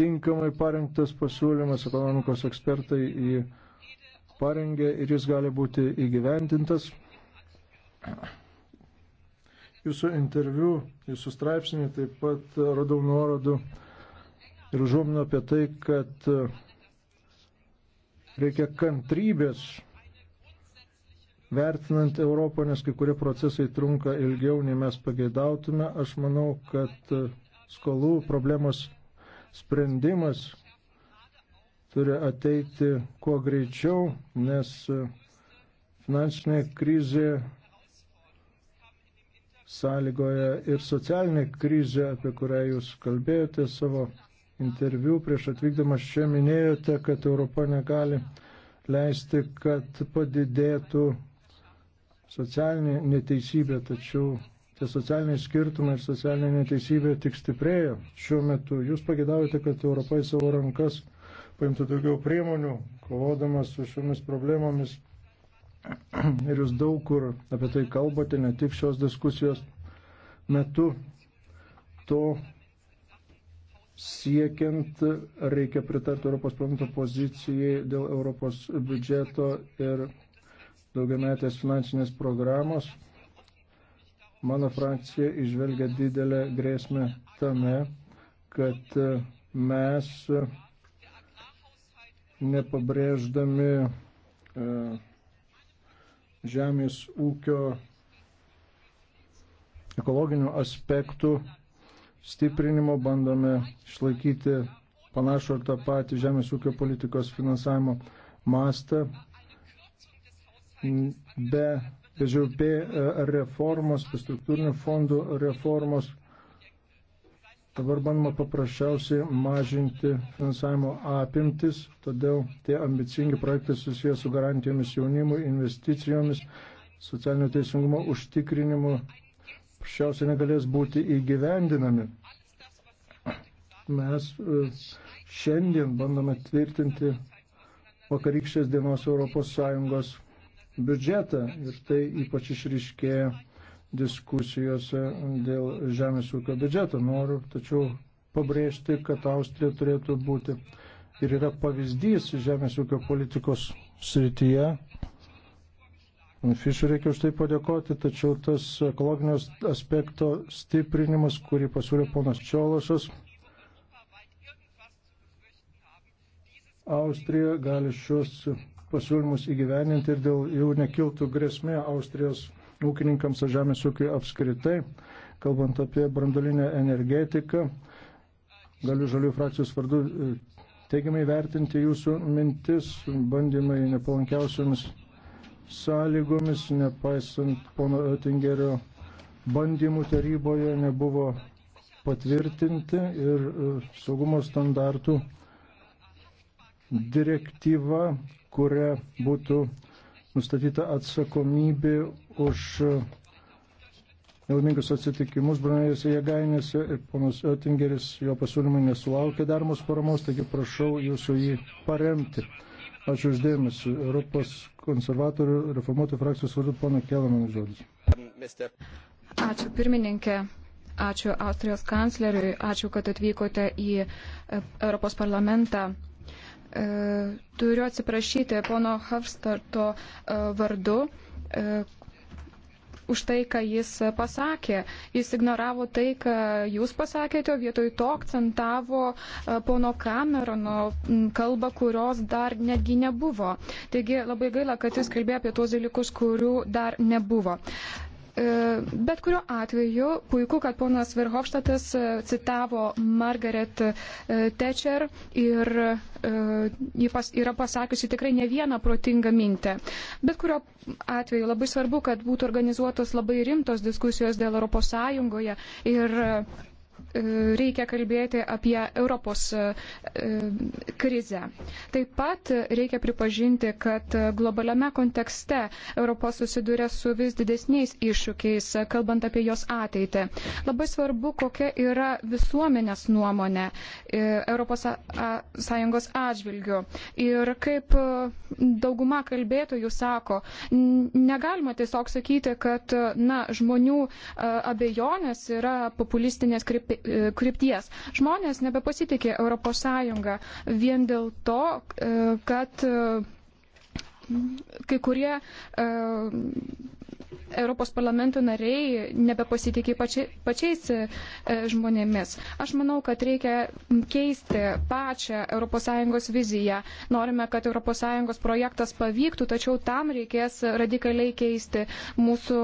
tinkamai parengtas pasiūlymas, ekonomikos ekspertai jį parengė ir jis gali būti įgyvendintas. Jūsų interviu, jūsų straipsnį taip pat radau nuorodų ir užuominu apie tai, kad reikia kantrybės vertinant Europą, nes kai kurie procesai trunka ilgiau, nei mes pageidautume. Aš manau, kad skolų problemos sprendimas turi ateiti kuo greičiau, nes e, finansinė krizė sąlygoja ir socialinė krizė, apie kurią jūs kalbėjote savo interviu prieš atvykdamas čia minėjote, kad Europa negali leisti, kad padidėtų socialinė neteisybė, tačiau tie socialiniai skirtumai ir socialinė neteisybė tik stiprėja šiuo metu. Jūs pagėdavote, kad Europa į savo rankas paimtų daugiau priemonių, kovodamas su šiomis problemomis. Ir jūs daug kur apie tai kalbate, ne tik šios diskusijos metu. To siekiant reikia pritarti Europos parlamento pozicijai dėl Europos biudžeto ir daugiametės finansinės programos Mano frakcija išvelgia didelę grėsmę tame, kad e, mes e, nepabrėždami e, žemės ūkio ekologinių aspektų stiprinimo bandome išlaikyti panašų ar tą patį žemės ūkio politikos finansavimo mastą be BŽP e, reformos, struktūrinių fondų reformos. Dabar bandoma paprasčiausiai mažinti finansavimo apimtis, todėl tie ambicingi projektai susijęs su garantijomis jaunimui, investicijomis, socialinio teisingumo užtikrinimu, paprasčiausiai negalės būti įgyvendinami. Mes e, šiandien bandome tvirtinti vakarykštės dienos Europos Sąjungos biudžetą ir tai ypač išriškėja diskusijose dėl žemės ūkio biudžeto. Noriu tačiau pabrėžti, kad Austrija turėtų būti ir yra pavyzdys žemės ūkio politikos srityje. Fišu reikia už tai padėkoti, tačiau tas ekologinio aspekto stiprinimas, kurį pasiūlė ponas Čiološas, Austrija gali šios pasiūlymus įgyveninti ir dėl jų nekiltų grėsmė Austrijos ūkininkams ar žemės ūkiai apskritai. Kalbant apie brandolinę energetiką, galiu žalių frakcijos vardu e, teigiamai vertinti jūsų mintis, bandymai nepalankiausiomis sąlygomis, nepaisant pono Oettingerio bandymų taryboje nebuvo patvirtinti ir e, saugumo standartų direktyva kuria būtų nustatyta atsakomybė už e, nelaimingus atsitikimus Brunėjose jėgainėse ir ponas Oettingeris jo pasiūlymai nesulaukė darmos paramos, taigi prašau jūsų jį paremti. Ačiū uždėmesi. Europos konservatorių reformuotų frakcijos vardu pono Kelamanų žodis. Ačiū pirmininkė. Ačiū Austrijos kancleriui, ačiū, kad atvykote į e, Europos parlamentą. E, turiu atsiprašyti pono Hafstarto e, vardu e, už tai, ką jis pasakė. Jis ignoravo tai, ką jūs pasakėte, o vietoj to akcentavo pono Kamerono kalbą, kurios dar netgi nebuvo. Taigi labai gaila, kad jis kalbėjo apie tuos dalykus, kurių dar nebuvo. E, bet kuriuo atveju puiku, kad ponas Verhofštatas e, citavo Margaret e, Thatcher ir ji pas, yra pasakiusi tikrai ne vieną protingą mintę. Bet kuriuo atveju labai svarbu, kad būtų organizuotos labai rimtos diskusijos dėl ES ir E, reikia kalbėti apie Europos e, e, krizę. Taip pat reikia pripažinti, kad globaliame kontekste Europos susiduria su vis didesniais iššūkiais, kalbant apie jos ateitį. Labai svarbu, kokia yra visuomenės nuomonė ES atžvilgių. Ir kaip dauguma kalbėtojų sako, negalima tiesiog sakyti, kad na, žmonių abejonės yra populistinės krypties E, krypties. Žmonės nebepasitikė ES vien dėl to, e, kad e, kai kurie Europos parlamento nariai nebepasitikė pačia, pačiais e, žmonėmis. Aš manau, kad reikia keisti pačią ES viziją. Norime, kad ES projektas pavyktų, tačiau tam reikės radikaliai keisti mūsų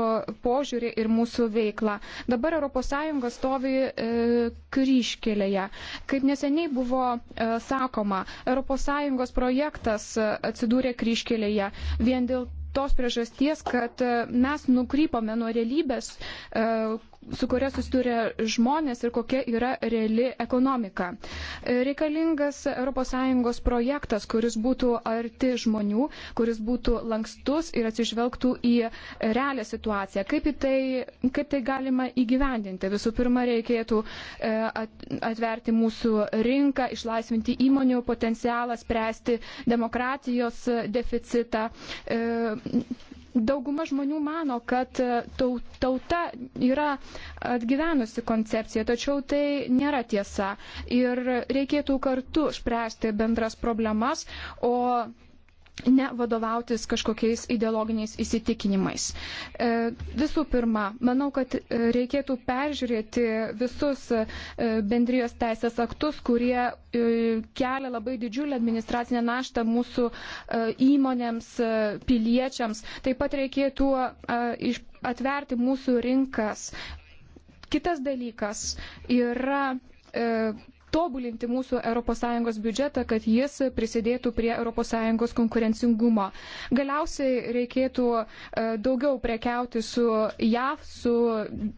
požiūrį ir mūsų veiklą. Dabar ES stovi e, kryškelėje. Kaip neseniai buvo e, sakoma, ES projektas atsidūrė kryškelėje vien dėl tos priežasties, kad e, mes nukrypome nuo realybės, e, su kuria susiduria žmonės ir kokia yra reali ekonomika. Reikalingas ES projektas, kuris būtų arti žmonių, kuris būtų lankstus ir atsižvelgtų į realią situaciją. Kaip, tai, kaip tai galima įgyvendinti? Visų pirma, reikėtų e, atverti mūsų rinką, išlaisvinti įmonių potencialą, spręsti demokratijos deficitą e, Dauguma žmonių mano, kad e, tauta yra atgyvenusi koncepcija, tačiau tai nėra tiesa. Ir reikėtų kartu spręsti bendras problemas, o ne vadovautis kažkokiais ideologiniais įsitikinimais. E, visų pirma, manau, kad e, reikėtų peržiūrėti visus e, bendrijos teisės aktus, kurie kelia labai didžiulę administracinę naštą mūsų įmonėms, piliečiams. Taip pat reikėtų atverti mūsų rinkas. Kitas dalykas yra tobulinti mūsų ES biudžetą, kad jis prisidėtų prie ES konkurencingumo. Galiausiai reikėtų e, daugiau prekiauti su JAV, su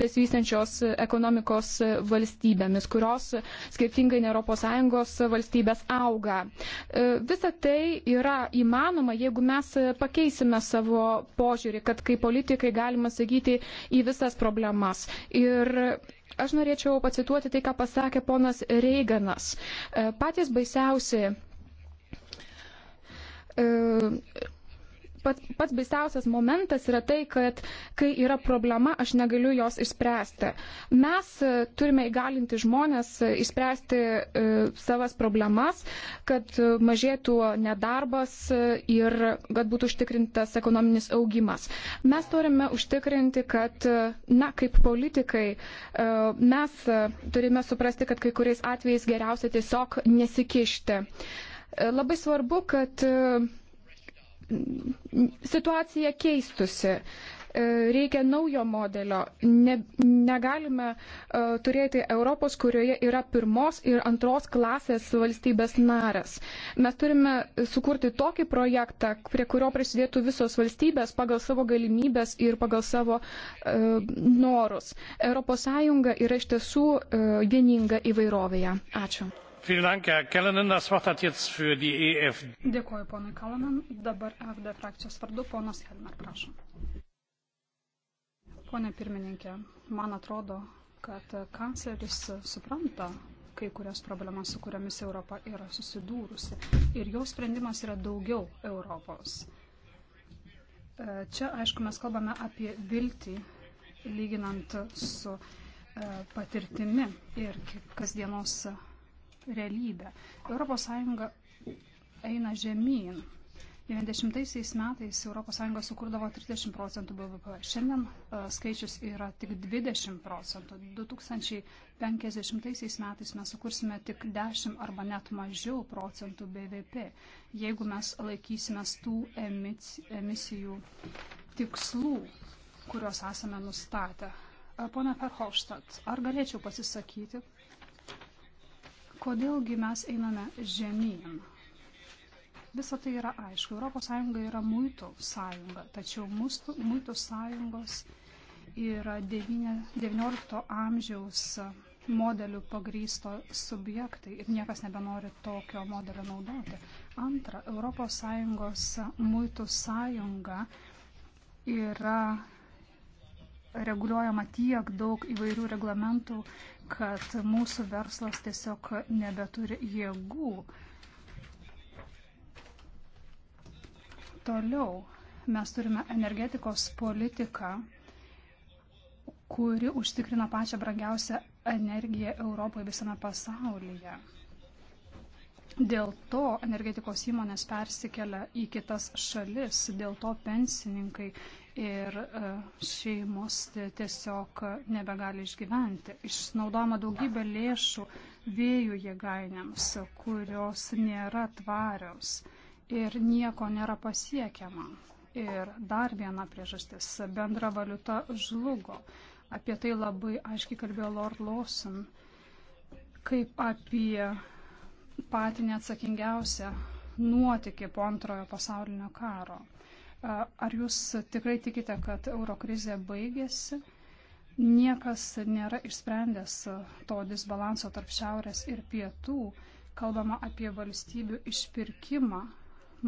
besivystančios ekonomikos valstybėmis, kurios skirtingai nei ES valstybės auga. E, visa tai yra įmanoma, jeigu mes pakeisime savo požiūrį, kad kaip politikai galima sakyti į visas problemas. Ir Aš norėčiau pacituoti tai, ką pasakė ponas Reiganas. E, patys baisiausi e, pats, pats baisiausias momentas yra tai, kad kai yra problema, aš negaliu jos išspręsti. Mes e, turime įgalinti žmonės e, išspręsti e, savas problemas, kad mažėtų nedarbas ir kad būtų užtikrintas ekonominis augimas. Mes turime užtikrinti, kad, na, kaip politikai, mes turime suprasti, kad kai kuriais atvejais geriausia tiesiog nesikišti. Labai svarbu, kad situacija keistusi. E, reikia naujo modelio. Ne, negalime uh, turėti Europos, kurioje yra pirmos ir antros klasės valstybės naras. Mes turime sukurti tokį projektą, prie kurio prisidėtų visos valstybės pagal savo galimybės ir pagal savo uh, norus. ES yra iš tiesų uh, vieninga įvairovėje. Ačiū. E Dėkuoju ponui Kalanan. Dabar e FD frakcijos vardu ponas Helmer, prašom. Pone pirmininkė, man atrodo, kad kancleris supranta kai kurias problemas, su kuriamis Europa yra susidūrusi. Ir jo sprendimas yra daugiau Europos. Čia, aišku, mes kalbame apie viltį, lyginant su e, patirtimi ir kasdienos realybę. ES eina žemyn. 90 metais ES sukurdavo 30 procentų BVP. Šiandien e, skaičius yra tik 20 procentų. 2050 metais mes sukursime tik 10 arba net mažiau procentų BVP, jeigu mes laikysime tų emisijų tikslų, kuriuos esame nustatę. E, pone Ferhofstadt, ar galėčiau pasisakyti Kodėlgi mes einame žemyn? Visą tai yra aišku. ES yra muitų sąjunga, tačiau mūsų, muitų sąjungos yra 19 amžiaus modelių pagrysto subjektai ir niekas nebenori tokio modelio naudoti. Antra, ES muitų sąjunga yra reguliuojama tiek daug įvairių reglamentų kad mūsų verslas tiesiog nebeturi jėgų. Toliau mes turime energetikos politiką, kuri užtikrina pačią brangiausią energiją Europoje visame pasaulyje. Dėl to energetikos įmonės persikelia į kitas šalis, dėl to pensininkai ir e, šeimos tiesiog nebegali išgyventi. Išnaudojama daugybė lėšų vėjų jėgainėms, kurios nėra tvarios ir nieko nėra pasiekiama. Ir dar viena priežastis - bendra valiuta žlugo. Apie tai labai aiškiai kalbėjo Lord Lawson, kaip apie patį neatsakingiausią nuotikį po antrojo pasaulinio karo. Ar jūs tikrai tikite, kad eurokrizė baigėsi? Niekas nėra išsprendęs to disbalanso tarp šiaurės ir pietų. Kalbama apie valstybių išpirkimą.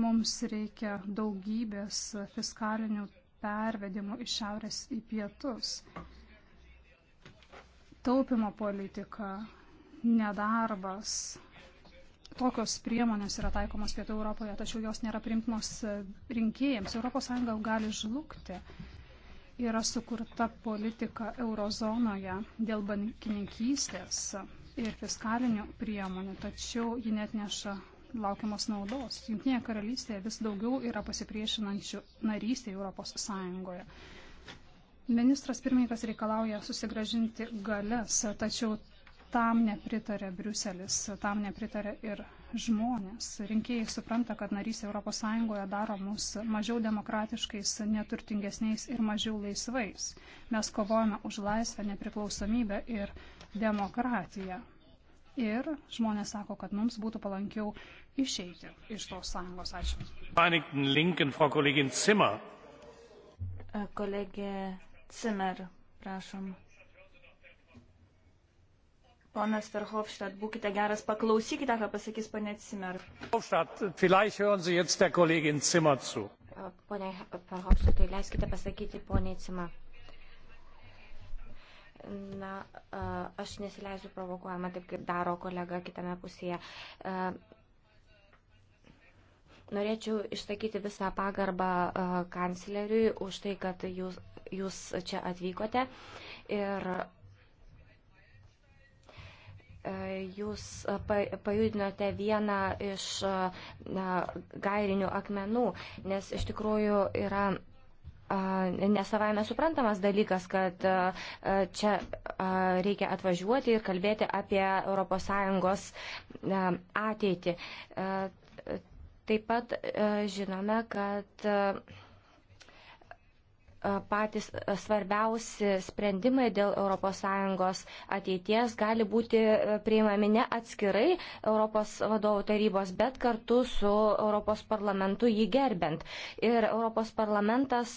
Mums reikia daugybės fiskalinių pervedimų iš šiaurės į pietus. Taupimo politika, nedarbas, Tokios priemonės yra taikomos Pietų Europoje, tačiau jos nėra primtinos e, rinkėjams. ES gali žlugti. Yra sukurta politika eurozonoje dėl bankininkystės ir fiskalinių priemonių, tačiau ji net neša laukiamos naudos. Junktinėje karalystėje vis daugiau yra pasipriešinančių narystėje Europos Sąjungoje. Ministras pirmininkas reikalauja susigražinti galės, tačiau Tam nepritarė Briuselis, tam nepritarė ir žmonės. Rinkėjai supranta, kad narys ES daro mus mažiau demokratiškais, neturtingesniais ir mažiau laisvais. Mes kovojame už laisvę, nepriklausomybę ir demokratiją. Ir žmonės sako, kad mums būtų palankiau išeiti iš tos sąjungos. Ačiū. Kolegė Cimer, prašom. Ponas Verhofstadt, būkite geras, paklausykite, ką pasakys ponė Cimer. Pone Verhofstadt, tai leiskite pasakyti ponė Cimer. Na, aš nesileisiu provokuojama taip, kaip daro kolega kitame pusėje. Norėčiau išsakyti visą pagarbą kancleriui už tai, kad jūs, jūs čia atvykote. Ir E, jūs e, pajudinote vieną iš e, gairinių akmenų, nes iš tikrųjų yra nesavaime suprantamas dalykas, kad čia reikia atvažiuoti ir kalbėti apie ES ateitį. Taip pat žinome, kad patys svarbiausi sprendimai dėl ES ateities gali būti priimami ne atskirai ES vadovų tarybos, bet kartu su ES parlamentu jį gerbent. Ir ES parlamentas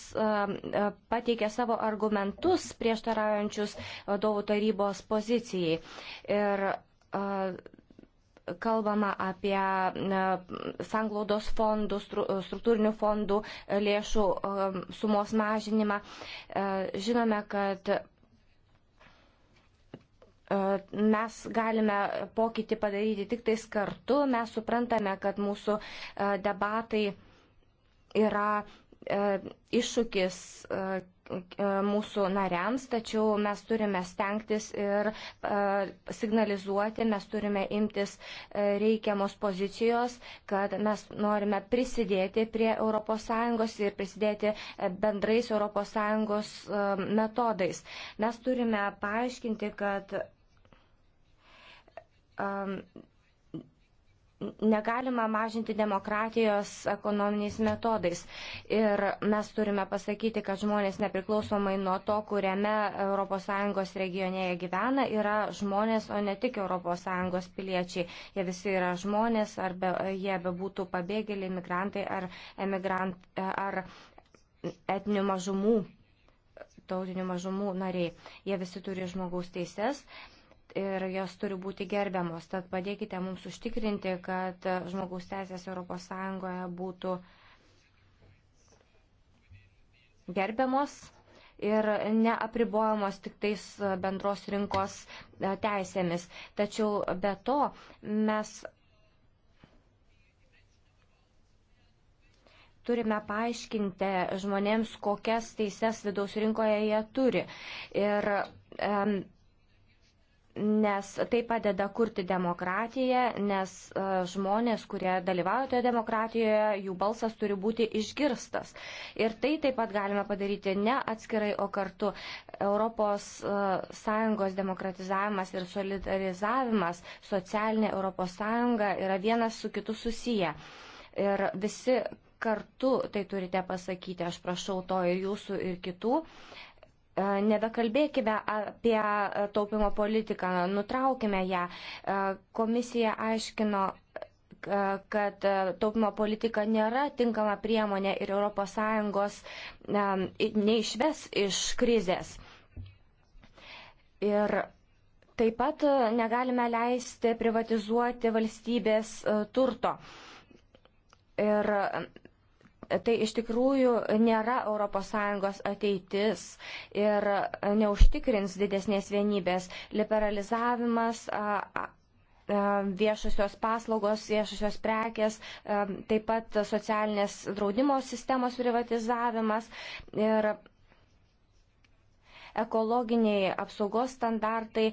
pateikė savo argumentus prieštaraujančius vadovų tarybos pozicijai. Ir kalbama apie sanglaudos fondų, struktūrinių fondų e, lėšų e, sumos mažinimą. E, žinome, kad mes galime pokytį padaryti tik tais kartu, mes suprantame, kad mūsų debatai yra E, iššūkis e, e, mūsų nariams, tačiau mes turime stengtis ir signalizuoti, mes turime imtis reikiamos pozicijos, kad mes norime prisidėti prie ES ir prisidėti bendrais ES metodais. Mes turime paaiškinti, kad negalima mažinti demokratijos ekonominiais metodais. Ir mes turime pasakyti, kad žmonės nepriklausomai nuo to, kuriame ES regionėje gyvena, yra žmonės, o ne tik ES piliečiai. Jie visi yra žmonės, ar be, jie bebūtų pabėgėliai, migrantai ar, emigrant, ar etnių mažumų tautinių mažumų nariai. Jie visi turi žmogaus teises ir jos turi būti gerbiamos. Tad padėkite mums užtikrinti, kad žmogaus teisės ES būtų gerbiamos ir neapribojamos tik tais bendros rinkos e, teisėmis. Tačiau be to mes turime paaiškinti žmonėms, kokias teises vidaus rinkoje jie turi. Ir um, nes tai padeda kurti demokratiją, nes e, žmonės, kurie dalyvauja toje demokratijoje, jų balsas turi būti išgirstas. Ir tai taip pat galima padaryti ne atskirai, o kartu ES e, demokratizavimas ir solidarizavimas, socialinė ES yra vienas su kitu susiję. Ir visi kartu tai turite pasakyti, aš prašau to ir jūsų, ir kitų. E, nebekalbėkime apie taupimo politiką, nutraukime ją. E, komisija aiškino, e, kad taupimo politika nėra tinkama priemonė ir ES neišves iš krizės. Ir taip pat negalime leisti privatizuoti valstybės turto. Ir tai iš tikrųjų nėra ES ateitis ir neužtikrins didesnės vienybės. Liberalizavimas, viešusios paslaugos, viešusios prekės, taip pat socialinės draudimo sistemos privatizavimas ir ekologiniai apsaugos standartai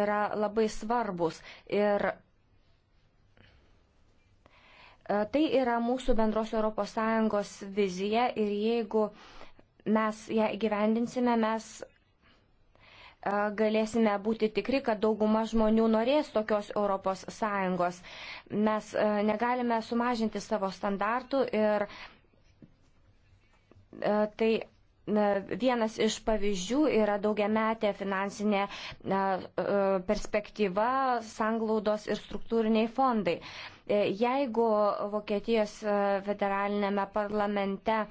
yra labai svarbus. Ir E, tai yra mūsų bendros ES vizija ir jeigu mes ją įgyvendinsime, mes e, galėsime būti tikri, kad dauguma žmonių norės tokios ES. Mes e, negalime sumažinti savo standartų ir tai vienas iš pavyzdžių yra daugiametė finansinė e, perspektyva, sanglaudos ir struktūriniai fondai. E, jeigu Vokietijos e, federalinėme parlamente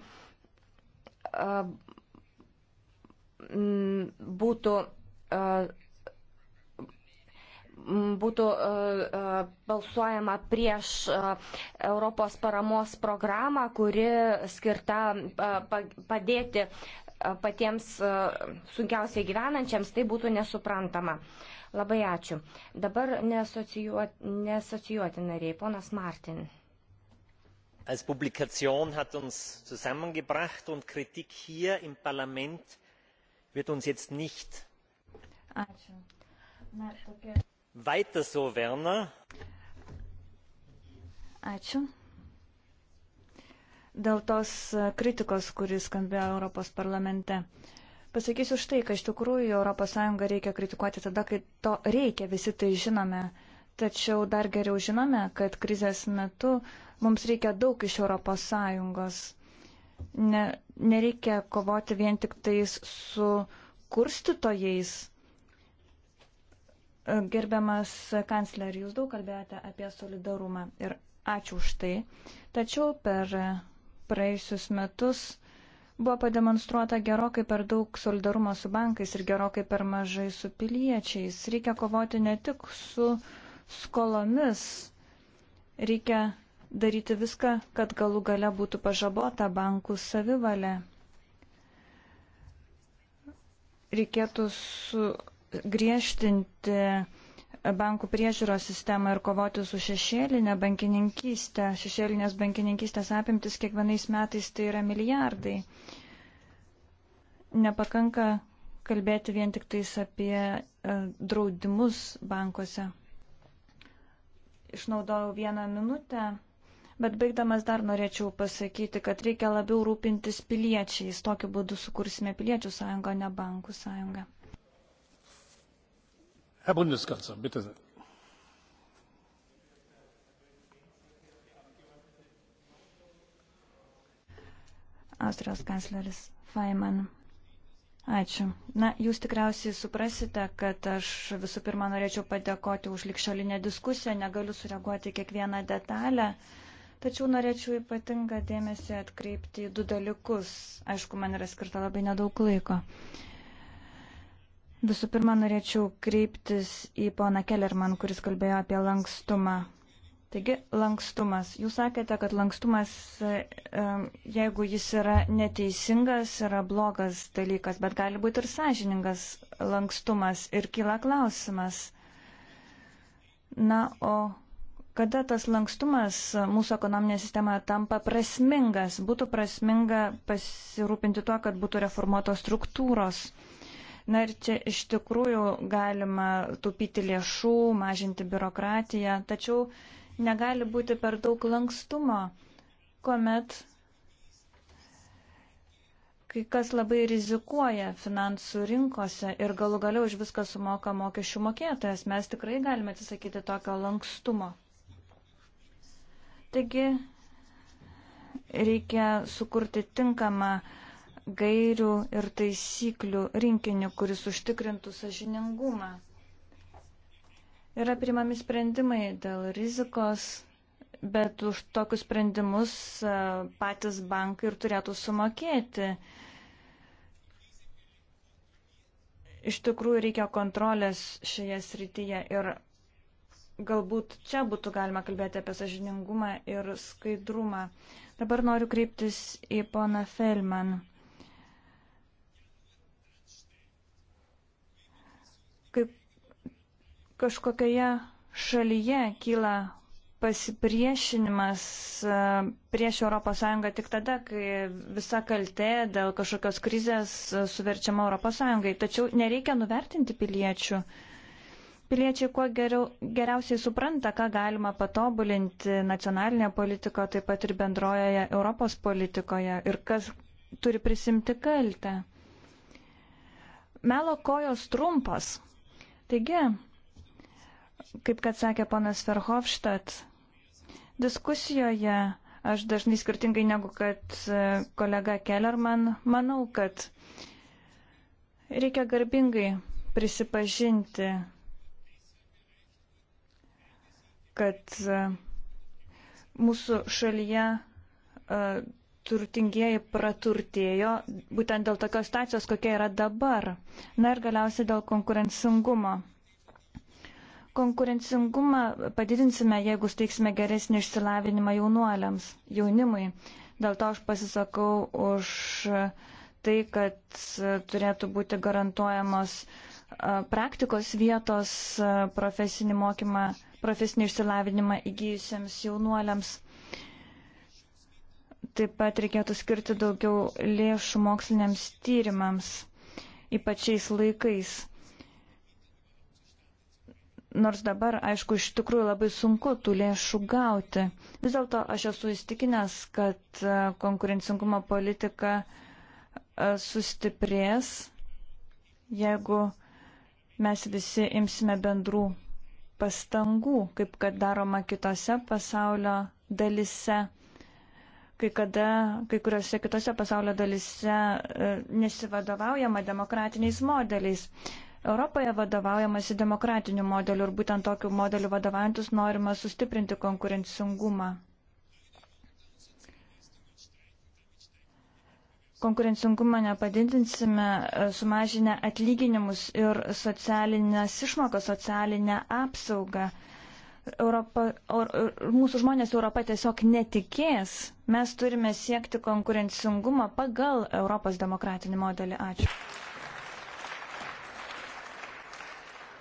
būtų būtų e, e, balsuojama prieš e, Europos paramos programą, kuri skirta padėti patiems sunkiausiai gyvenančiams, tai būtų nesuprantama. Labai ačiū. Dabar nesocijuoti, nesocijuoti nariai, ponas Martin. Als Publikation hat uns zusammengebracht und Kritik hier im Parlament wird uns jetzt nicht. Ačiū. Na, tokia. Weiter so, Werner. Ačiū. Dėl tos e, kritikos, kuris skambėjo Europos parlamente. Pasakysiu štai, kad iš tikrųjų ES reikia kritikuoti tada, kai to reikia, visi tai žinome. Tačiau dar geriau žinome, kad krizės metu mums reikia daug iš ES. Ne, nereikia kovoti vien tik tais su kurstytojais Gerbiamas kancler, jūs daug kalbėjote apie solidarumą ir ačiū už tai. Tačiau per praėjusius metus buvo pademonstruota gerokai per daug solidarumo su bankais ir gerokai per mažai su piliečiais. Reikia kovoti ne tik su skolomis, reikia daryti viską, kad galų gale būtų pažabota bankų savivalė. Reikėtų su griežtinti bankų priežiūros sistemą ir kovoti su šešėlinė bankininkystė, šešėlinės bankininkystės apimtis kiekvienais metais tai yra milijardai. Nepakanka kalbėti vien tik tais apie e, draudimus bankuose. Išnaudojau vieną minutę, bet baigdamas dar norėčiau pasakyti, kad reikia labiau rūpintis piliečiais. Tokiu būdu sukursime piliečių sąjungą, ne bankų sąjungą herr bundeskanzler bitte sehr! austrijos kancleris faymann Ačiū. Na, jūs tikriausiai suprasite, kad aš visų pirma norėčiau padėkoti už likščiolinę diskusiją, negaliu sureaguoti kiekvieną detalę, tačiau norėčiau ypatingą dėmesį atkreipti į du dalykus. Aišku, man yra skirta labai nedaug laiko. Uh, Visų pirma, norėčiau kreiptis į poną Kellerman, kuris kalbėjo apie lankstumą. Taigi, lankstumas. Jūs sakėte, kad lankstumas, e, e, jeigu jis yra neteisingas, yra blogas dalykas, bet gali būti ir sąžiningas lankstumas ir kyla klausimas. Na, o kada tas lankstumas mūsų ekonominė sistema tampa prasmingas, būtų prasminga pasirūpinti tuo, kad būtų reformuotos struktūros. Na ir čia iš tikrųjų galima taupyti lėšų, mažinti biurokratiją, tačiau negali būti per daug lankstumo, kuomet kai kas labai rizikuoja finansų rinkose ir galų galiau už viską sumoka mokesčių mokėtojas. Mes tikrai galime atsisakyti tokio lankstumo. Taigi reikia sukurti tinkamą gairių ir taisyklių rinkinį, kuris užtikrintų sažiningumą. Yra primami sprendimai dėl rizikos, bet už tokius sprendimus e, patys bankai ir turėtų sumokėti. Iš tikrųjų reikia kontrolės šioje srityje ir galbūt čia būtų galima kalbėti apie sažiningumą ir skaidrumą. Dabar noriu kreiptis į poną Feilman. kažkokioje šalyje kyla pasipriešinimas e, prieš ES tik tada, kai visa kaltė dėl kažkokios krizės e, suverčiama ES. Tačiau nereikia nuvertinti piliečių. Piliečiai kuo geriau, geriausiai supranta, ką galima patobulinti nacionalinėje politikoje, taip pat ir bendrojoje Europos politikoje ir kas turi prisimti kaltę. Melo kojos trumpas. Taigi, Kaip kad sakė ponas Verhofstadt, diskusijoje aš dažnai skirtingai negu kad e, kolega Kellerman, manau, kad reikia garbingai prisipažinti, kad e, mūsų šalyje uh, turtingieji praturtėjo būtent dėl tokios stacijos, kokia yra dabar. Na ir galiausiai dėl konkurencingumo. Konkurencingumą padidinsime, jeigu steiksime geresnį išsilavinimą jaunuoliams, jaunimui. Dėl to aš pasisakau už tai, kad turėtų būti garantuojamos praktikos vietos profesinį mokymą, profesinį išsilavinimą įgyjusiems jaunuoliams. Taip pat reikėtų skirti daugiau lėšų moksliniams tyrimams, ypač šiais laikais Nors dabar, aišku, iš tikrųjų labai sunku tų lėšų gauti. Vis dėlto aš esu įstikinęs, kad e, konkurencingumo politika e, sustiprės, jeigu mes visi imsime bendrų pastangų, kaip kad daroma kitose pasaulio dalise. Kai kada, kai kuriuose kitose pasaulio dalise e, nesivadovaujama demokratiniais modeliais. Europoje vadovaujamasi demokratiniu modeliu ir būtent tokiu modeliu vadovantis norima sustiprinti konkurencingumą. Konkurencingumą nepadintinsime, e, sumažinę atlyginimus ir socialinės išmokas, socialinę apsaugą. Europa, or, e, mūsų žmonės Europa tiesiog netikės. Mes turime siekti konkurencingumo pagal Europos demokratinį modelį. Ačiū.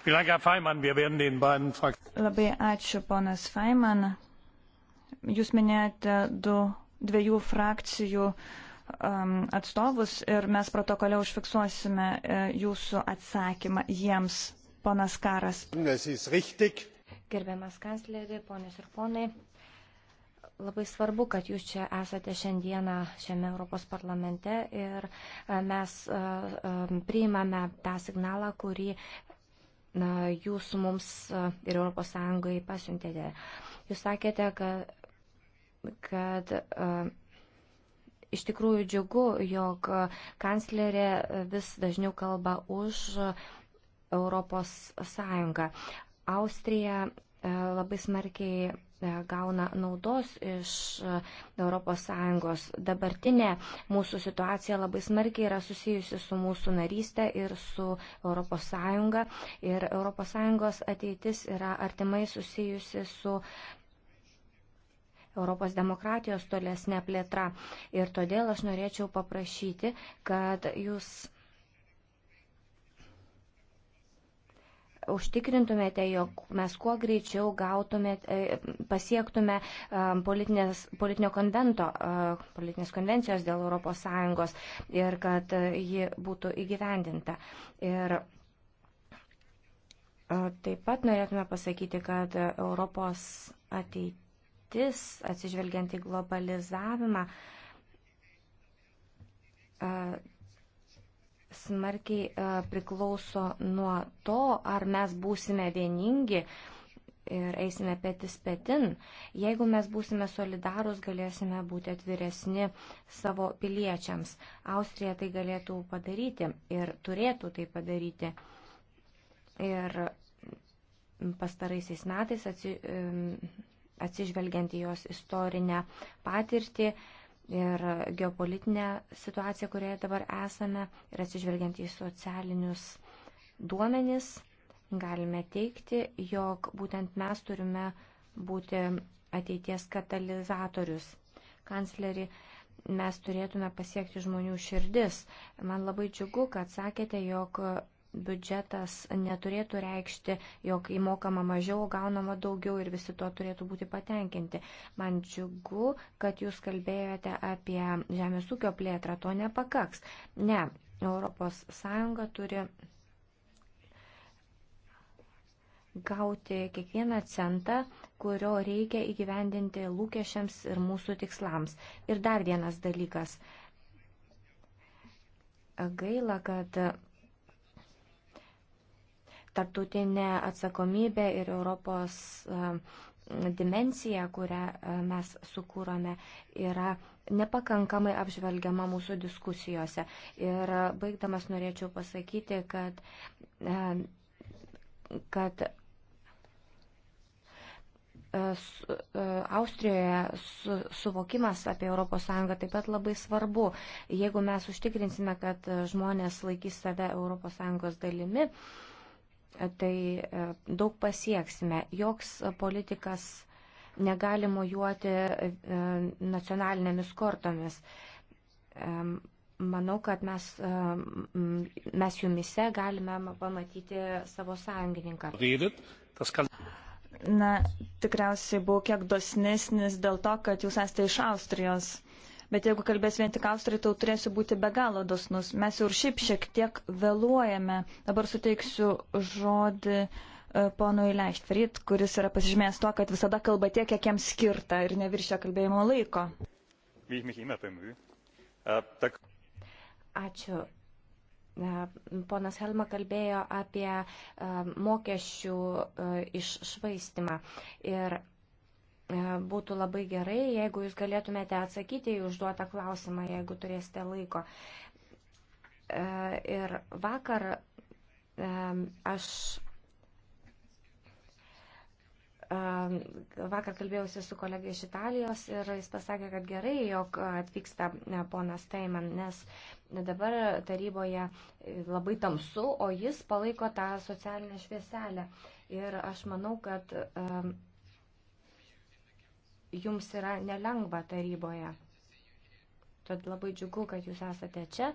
Labai ačiū, ponas Feiman. Jūs minėjote du, dviejų frakcijų um, atstovus ir mes protokole užfiksuosime uh, jūsų atsakymą jiems, ponas Karas. Gerbiamas kanclerį, ponės ir ponai, labai svarbu, kad jūs čia esate šiandieną šiame Europos parlamente ir e, mes e, priimame tą signalą, kurį jūs mums e, ir ES pasiuntėte. Jūs sakėte, kad, kad e, iš tikrųjų džiugu, jog kanclerė vis dažniau kalba už ES. Austrija e, labai smarkiai E, gauna naudos iš ES. Dabartinė mūsų situacija labai smarkiai yra susijusi su mūsų narystė ir su ES. Ir ES ateitis yra artimai susijusi su Europos demokratijos tolesnė plėtra. Ir todėl aš norėčiau paprašyti, kad jūs užtikrintumėte, jog mes kuo greičiau gautume, e, pasiektume e, politinės, politinio konvento, e, politinės konvencijos dėl ES ir kad ji būtų įgyvendinta. Ir taip pat norėtume pasakyti, kad Europos ateitis, atsižvelgiant į globalizavimą, smarkiai e, priklauso nuo to, ar mes būsime vieningi ir eisime petis petin. Jeigu mes būsime solidarūs, galėsime būti atviresni savo piliečiams. Austrija tai galėtų padaryti ir turėtų tai padaryti. Ir pastaraisiais metais atsižvelgiant į jos istorinę patirtį, ir geopolitinę situaciją, kurioje dabar esame, ir atsižvelgiant į socialinius duomenis, galime teikti, jog būtent mes turime būti ateities katalizatorius. Kancleri, mes turėtume pasiekti žmonių širdis. Man labai džiugu, kad sakėte, jog biudžetas neturėtų reikšti, jog įmokama mažiau, gaunama daugiau ir visi tuo turėtų būti patenkinti. Man džiugu, kad jūs kalbėjote apie žemės ūkio plėtrą, to nepakaks. Ne, ES turi gauti kiekvieną centą, kurio reikia įgyvendinti lūkesčiams ir mūsų tikslams. Ir dar vienas dalykas. Gaila, kad tarptautinė atsakomybė ir Europos e, dimensija, kurią e, mes sukūrome, yra nepakankamai apžvelgiama mūsų diskusijose. Ir e, baigdamas norėčiau pasakyti, kad, kad Austrijoje su, suvokimas apie ES taip pat labai svarbu. Jeigu mes užtikrinsime, kad žmonės laikys save ES dalimi, tai e, daug pasieksime. Joks politikas negali mojuoti e, nacionalinėmis kortomis. E, manau, kad mes, mes jumise galime pamatyti savo sąjungininką. Na, tikriausiai buvau kiek dosnesnis dėl to, kad jūs esate iš Austrijos. Bet jeigu kalbės vien tik austrai, tai turėsiu būti be galo dosnus. Mes jau ir šiaip šiek tiek vėluojame. Dabar suteiksiu žodį e, ponui Leichtfried, kuris yra pasižymėjęs tuo, kad visada kalba tiek, kiek jam skirta ir neviršia kalbėjimo laiko. Äh, Ačiū. Ponas Helma kalbėjo apie e, mokesčių e, iššvaistimą. Ir E, būtų labai gerai, jeigu jūs galėtumėte atsakyti į užduotą klausimą, jeigu turėsite laiko. E, ir vakar e, aš vakar kalbėjausi su kolega iš Italijos ir jis pasakė, kad gerai, jog atvyksta ponas Teiman, nes dabar taryboje labai tamsu, o jis palaiko tą socialinę švieselę. Ir aš manau, kad jums yra nelengva taryboje. Tad labai džiugu, kad jūs esate čia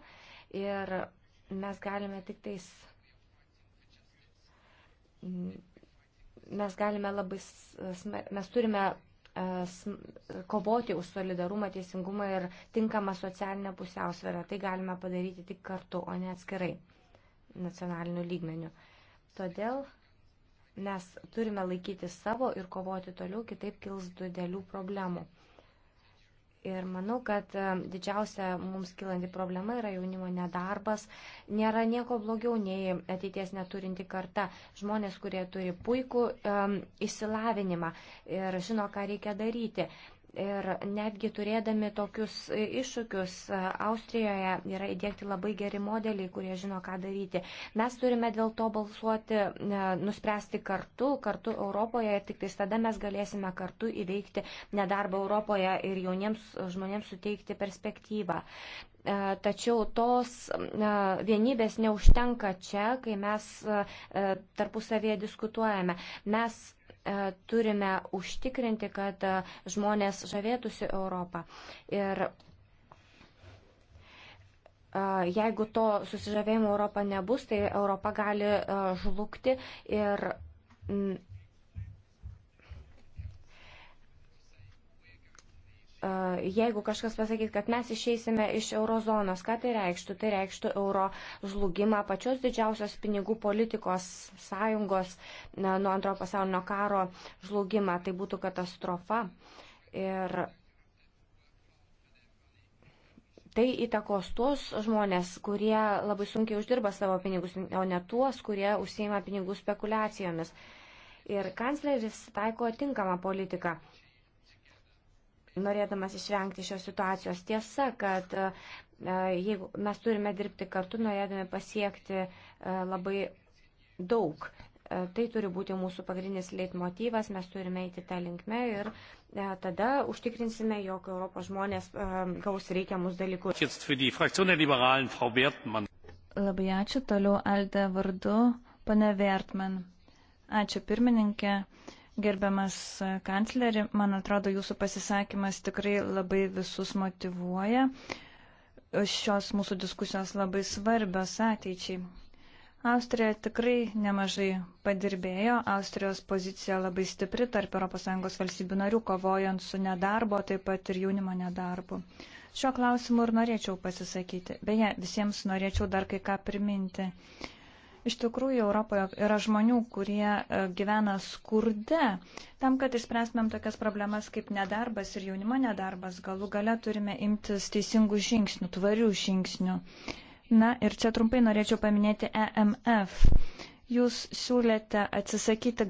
ir mes galime tik tais. Mes galime labai. Mes turime e, kovoti už solidarumą, teisingumą ir tinkamą socialinę pusiausvėrą. Tai galime padaryti tik kartu, o ne atskirai nacionaliniu lygmeniu. Todėl Mes turime laikyti savo ir kovoti toliau, kitaip kils didelių problemų. Ir manau, kad e, didžiausia mums kilanti problema yra jaunimo nedarbas. Nėra nieko blogiau nei ateities neturinti karta. Žmonės, kurie turi puikų um, e, įsilavinimą ir žino, ką reikia daryti. Ir netgi turėdami tokius iššūkius, e, Austrijoje yra įdėkti labai geri modeliai, kurie žino, ką daryti. Mes turime dėl to balsuoti, e, nuspręsti kartu, kartu Europoje ir tik tais tada mes galėsime kartu įveikti nedarbą Europoje ir jauniems žmonėms suteikti perspektyvą. E, tačiau tos vienybės neužtenka čia, kai mes tarpusavėje diskutuojame. Mes E, turime užtikrinti, kad žmonės žavėtųsi Europą. Ir e, jeigu to susižavėjimo Europą nebus, tai Europa gali e, žlugti ir jeigu kažkas pasakys, kad mes išeisime iš eurozonos, ką tai reikštų? Tai reikštų euro žlugimą pačios didžiausios pinigų politikos sąjungos na, nuo antrojo pasaulinio karo žlugimą. Tai būtų katastrofa. Ir tai įtakos tuos žmonės, kurie labai sunkiai uždirba savo pinigus, o ne tuos, kurie užsieima pinigų spekulacijomis. Ir kancleris taiko tinkamą politiką norėdamas išvengti šios situacijos. Tiesa, kad e, jeigu mes turime dirbti kartu, norėdami pasiekti e, labai daug. E, tai turi būti mūsų pagrindinis leitmotyvas, mes turime eiti tą linkmę ir tada užtikrinsime, jog Europos žmonės gaus reikiamus dalykus. Labai ačiū, toliau Alde vardu, pane Vertman. Ačiū pirmininkė. Gerbiamas kancleri, man atrodo, jūsų pasisakymas tikrai labai visus motivuoja. Šios mūsų diskusijos labai svarbios ateičiai. Austrija tikrai nemažai padirbėjo. Austrijos pozicija labai stipri tarp ES valstybių narių, kovojant su nedarbo, taip pat ir jaunimo nedarbu. Šiuo klausimu ir norėčiau pasisakyti. Beje, visiems norėčiau dar kai ką priminti. Iš tikrųjų, Europoje yra žmonių, kurie e, gyvena skurde. Tam, kad išspręstumėm tokias problemas kaip nedarbas ir jaunimo nedarbas, galų gale turime imtis teisingų žingsnių, tvarių žingsnių. Na ir čia trumpai norėčiau paminėti EMF. Jūs siūlėte atsisakyti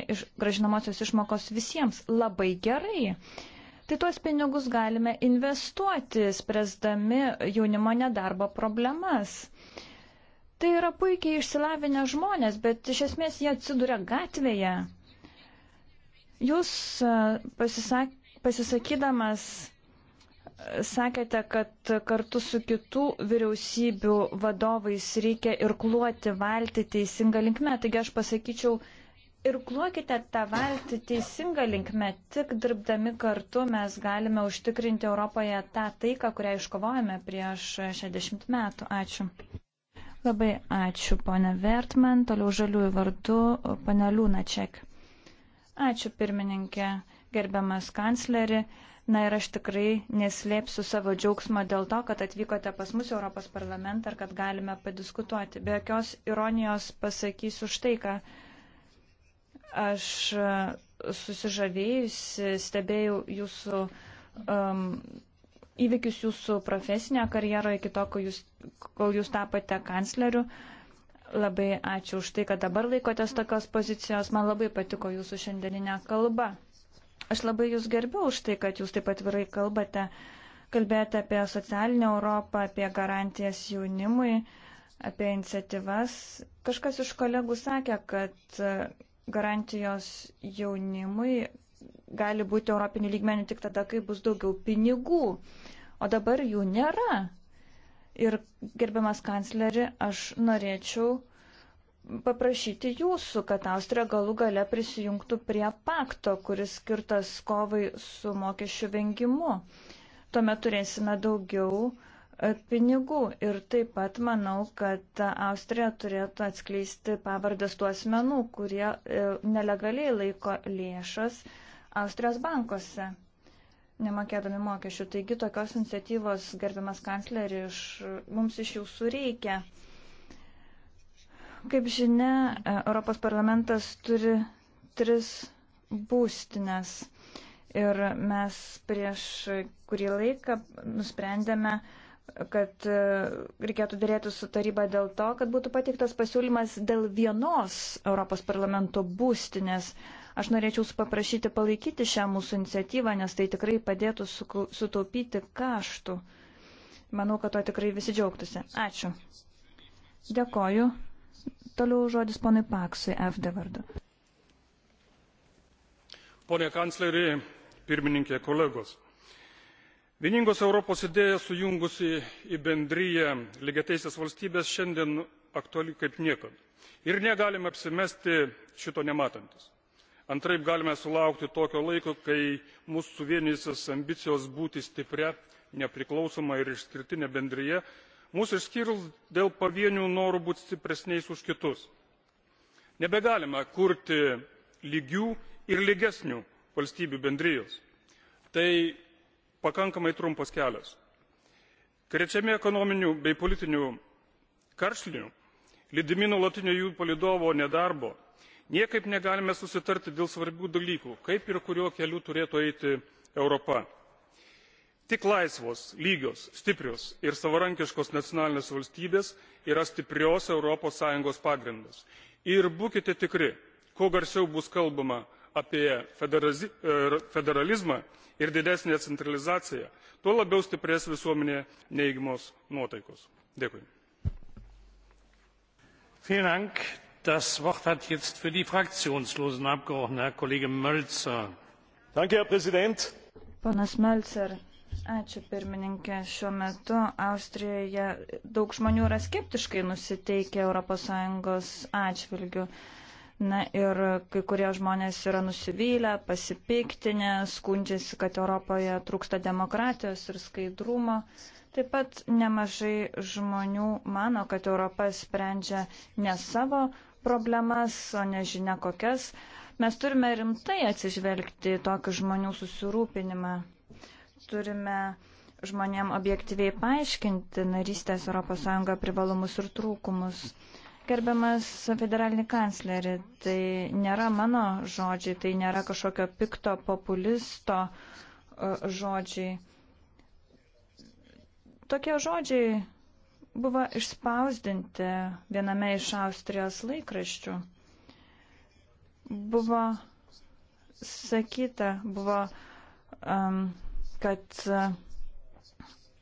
iš, gražinamosios išmokos visiems. Labai gerai tai tuos pinigus galime investuoti, spręsdami jaunimo nedarbo problemas. Tai yra puikiai išsilavinę žmonės, bet iš esmės jie atsiduria gatvėje. Jūs e, pasisak, pasisakydamas e, sakėte, kad kartu su kitų vyriausybių vadovais reikia irkluoti valti teisinga linkme. Taigi aš pasakyčiau, irkluokite tą valti teisinga linkme. Tik dirbdami kartu mes galime užtikrinti Europoje tą taiką, kurią iškovojame prieš 60 metų. Ačiū. Labai ačiū, ponė Vertman. Toliau žaliųjų vardu, ponė Liūnačiak. Ačiū, pirmininkė, gerbiamas kancleri. Na ir aš tikrai neslėpsiu savo džiaugsmo dėl to, kad atvykote pas mus Europos parlamentą ir kad galime padiskutuoti. Be jokios ironijos pasakysiu štai ką. Aš e, susižavėjusi stebėjau jūsų um, įvykius jūsų profesinėje karjeroje iki to, kol jūs, kol jūs tapote kancleriu. Labai ačiū už tai, kad dabar laikotės tokios pozicijos. Man labai patiko jūsų šiandieninė kalba. Aš labai jūs gerbiu už tai, kad jūs taip atvirai kalbate. Kalbėjote apie socialinę Europą, apie garantijas jaunimui, apie iniciatyvas. Kažkas iš kolegų sakė, kad e, garantijos jaunimui gali būti europinių lygmenių tik tada, kai bus daugiau pinigų o dabar jų nėra. Ir gerbiamas kancleri, aš norėčiau paprašyti jūsų, kad Austrija galų gale prisijungtų prie pakto, kuris skirtas kovai su mokesčių vengimu. Tuomet turėsime daugiau e, pinigų ir taip pat manau, kad Austrija turėtų atskleisti pavardės tų asmenų, kurie e, nelegaliai laiko lėšas Austrijos bankuose nemokėdami mokesčių. Taigi tokios iniciatyvos, gerbiamas kancleri, iš, mums iš jūsų reikia. Kaip žinia, e, Europos parlamentas turi tris būstinės ir mes prieš kurį laiką nusprendėme, kad e, reikėtų dėrėti su taryba dėl to, kad būtų pateiktas pasiūlymas dėl vienos Europos parlamento būstinės. Uh, Aš norėčiau paprašyti palaikyti šią mūsų iniciatyvą, nes tai tikrai padėtų sutaupyti kaštų. Manau, kad to tikrai visi džiaugtųsi. Ačiū. Dėkoju. Toliau žodis ponui Paksui, FD vardu. Pone kanclerį, pirmininkė kolegos. Vieningos Europos idėja sujungusi į bendryją lygiateisės valstybės šiandien aktuali kaip niekad. Ir negalime apsimesti šito nematantis antraip galime sulaukti tokio laiko kai mus suvienyjusios ambicijos būti stipria nepriklausoma ir išskirtine bendrija mus išskirs dėl pavienių norų būti stipresniais už kitus. nebegalime kurti lygių ir lygesnių valstybių bendrijos. tai pakankamai trumpas kelias. krečiami ekonominių bei politinių karštligių lydimi nuolatinio jų palydovo nedarbo niekaip negalime susitarti dėl svarbių dalykų kaip ir kuriuo keliu turėtų eiti europa. tik laisvos lygios stiprios ir savarankiškos nacionalinės valstybės yra stiprios europos sąjungos pagrindas ir būkite tikri kuo garsiau bus kalbama apie e, federalizmą ir didesnę centralizaciją tuo labiau stiprės visuomenėje neigiamos nuotaikos. dėkui das wort hat jetzt für die fraktionslosen abgeordneten herr kollege mölzer. herr präsident! ponas mölzer ačiū pirmininke šiuo metu austrijoje daug žmonių yra skeptiškai nusiteikę europos sąjungos atžvilgiu na ir kai kurie žmonės yra nusivylę pasipiktinę skundžiasi kad europoje trūksta demokratijos ir skaidrumo Taip pat nemažai žmonių mano, kad Europa sprendžia ne savo problemas, o nežinia kokias, mes turime rimtai atsižvelgti į tokį žmonių susirūpinimą. Turime žmonėm objektyviai paaiškinti narystės ES privalumus ir trūkumus. Gerbiamas federalinį kanclerį, tai nėra mano žodžiai, tai nėra kažkokio pikto populisto e, žodžiai. Tokie žodžiai buvo išspausdinti viename iš Austrijos laikraščių. Buvo sakyta, buvo, um, kad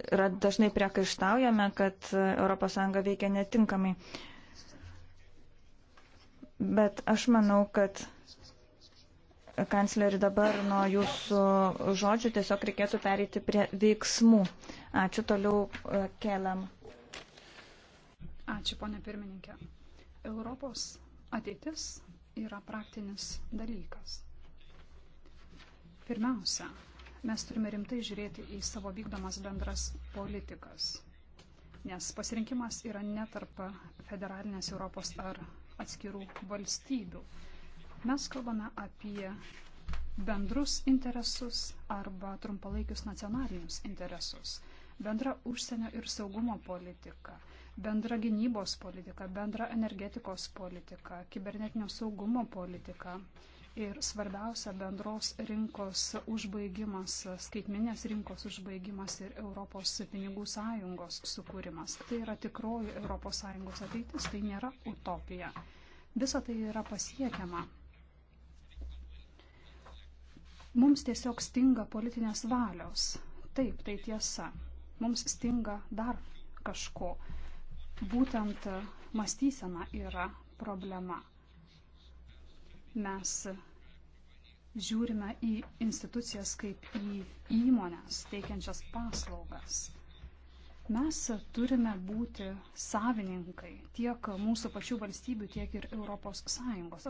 yra dažnai priekaištaujame, kad ES veikia netinkamai. Bet aš manau, kad kancleri dabar nuo jūsų žodžių tiesiog reikėtų pereiti prie veiksmų. Ačiū toliau keliam. Ačiū, ponė pirmininkė. Europos ateitis yra praktinis dalykas. Pirmiausia, mes turime rimtai žiūrėti į savo vykdomas bendras politikas, nes pasirinkimas yra ne tarp federalinės Europos ar atskirų valstybių. Mes kalbame apie bendrus interesus arba trumpalaikius nacionalinius interesus, bendra užsienio ir saugumo politika – bendra gynybos politika, bendra energetikos politika, kibernetinio saugumo politika ir svarbiausia bendros rinkos užbaigimas, skaitminės rinkos užbaigimas ir Europos pinigų sąjungos sukūrimas. Tai yra tikroji ES ateitis, tai nėra utopija. Visa tai yra pasiekiama. Mums tiesiog stinga politinės valios. Taip, tai tiesa. Mums stinga dar kažko. Būtent mąstysena yra problema. Mes žiūrime į institucijas kaip į įmonės teikiančias paslaugas. Mes turime būti savininkai tiek mūsų pačių valstybių, tiek ir ES.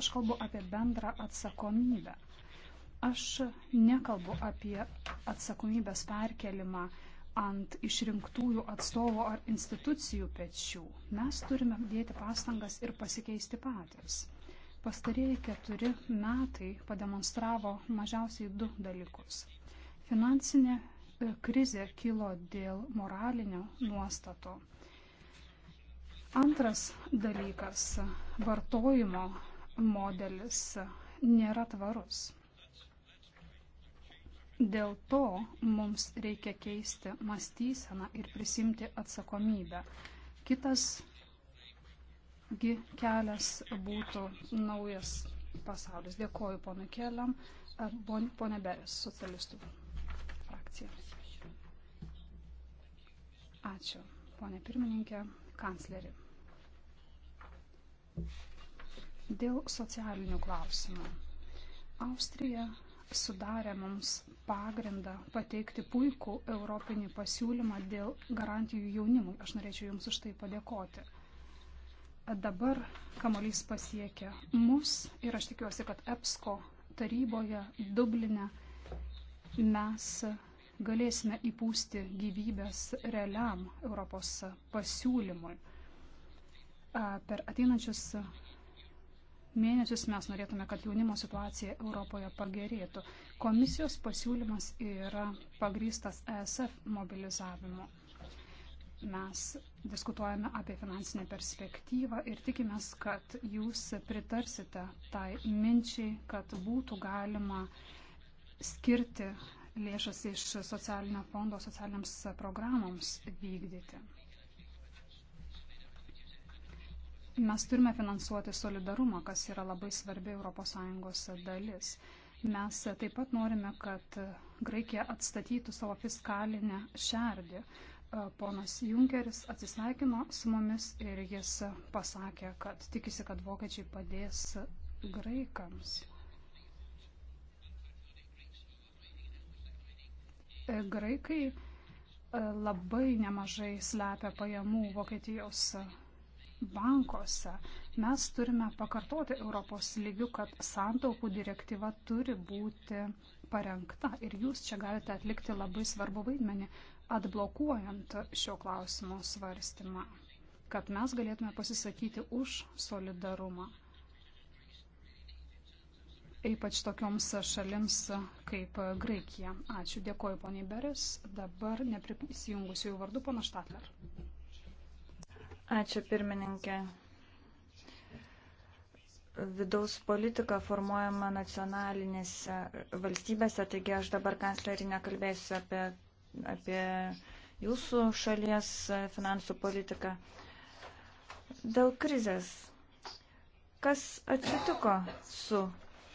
Aš kalbu apie bendrą atsakomybę. Aš nekalbu apie atsakomybės perkelimą ant išrinktųjų atstovų ar institucijų pečių. Mes turime dėti pastangas ir pasikeisti patys. Pastarėjai keturi metai pademonstravo mažiausiai du dalykus. Finansinė e, krizė kilo dėl moralinio nuostato. Antras dalykas - vartojimo modelis nėra tvarus. Dėl to mums reikia keisti mąstyseną ir prisimti atsakomybę. Kitas kelias būtų naujas pasaulis. Dėkoju ponui Keliam, ponė Beres, socialistų frakcija. Ačiū, ponė pirmininkė, kancleri. Dėl socialinių klausimų. Austrija sudarė mums pagrindą pateikti puikų europinį pasiūlymą dėl garantijų jaunimui. Aš norėčiau Jums už tai padėkoti. Dabar kamolys pasiekia mus ir aš tikiuosi, kad EPSCO taryboje Dublinė mes galėsime įpūsti gyvybės realiam Europos pasiūlymui. Per ateinančius mėnesius mes norėtume, kad jaunimo situacija Europoje pagerėtų. Komisijos pasiūlymas yra pagrystas ESF mobilizavimu. Mes diskutuojame apie finansinę perspektyvą ir tikimės, kad jūs pritarsite tai minčiai, kad būtų galima skirti lėšas iš socialinio fondo socialiniams programoms vykdyti. Mes turime finansuoti solidarumą, kas yra labai svarbi ES dalis. Mes taip pat norime, kad Graikija atstatytų savo fiskalinę šerdį. Ponas Junkeris atsisveikino su mumis ir jis pasakė, kad tikisi, kad vokiečiai padės graikams. Graikai labai nemažai slepia pajamų Vokietijos bankuose. Mes turime pakartoti Europos lygių, kad santaupų direktyva turi būti parengta ir jūs čia galite atlikti labai svarbu vaidmenį, atblokuojant šio klausimo svarstymą, kad mes galėtume pasisakyti už solidarumą. Ypač tokioms šalims kaip Graikija. Ačiū, dėkoju poniai Beres. Dabar neprisijungusiu jų vardu, pana Štatler. Ačiū pirmininkė. Vidaus politika formuojama nacionalinėse valstybėse, taigi aš dabar kanclerį nekalbėsiu apie, apie jūsų šalies finansų politiką. Dėl krizės. Kas atsitiko su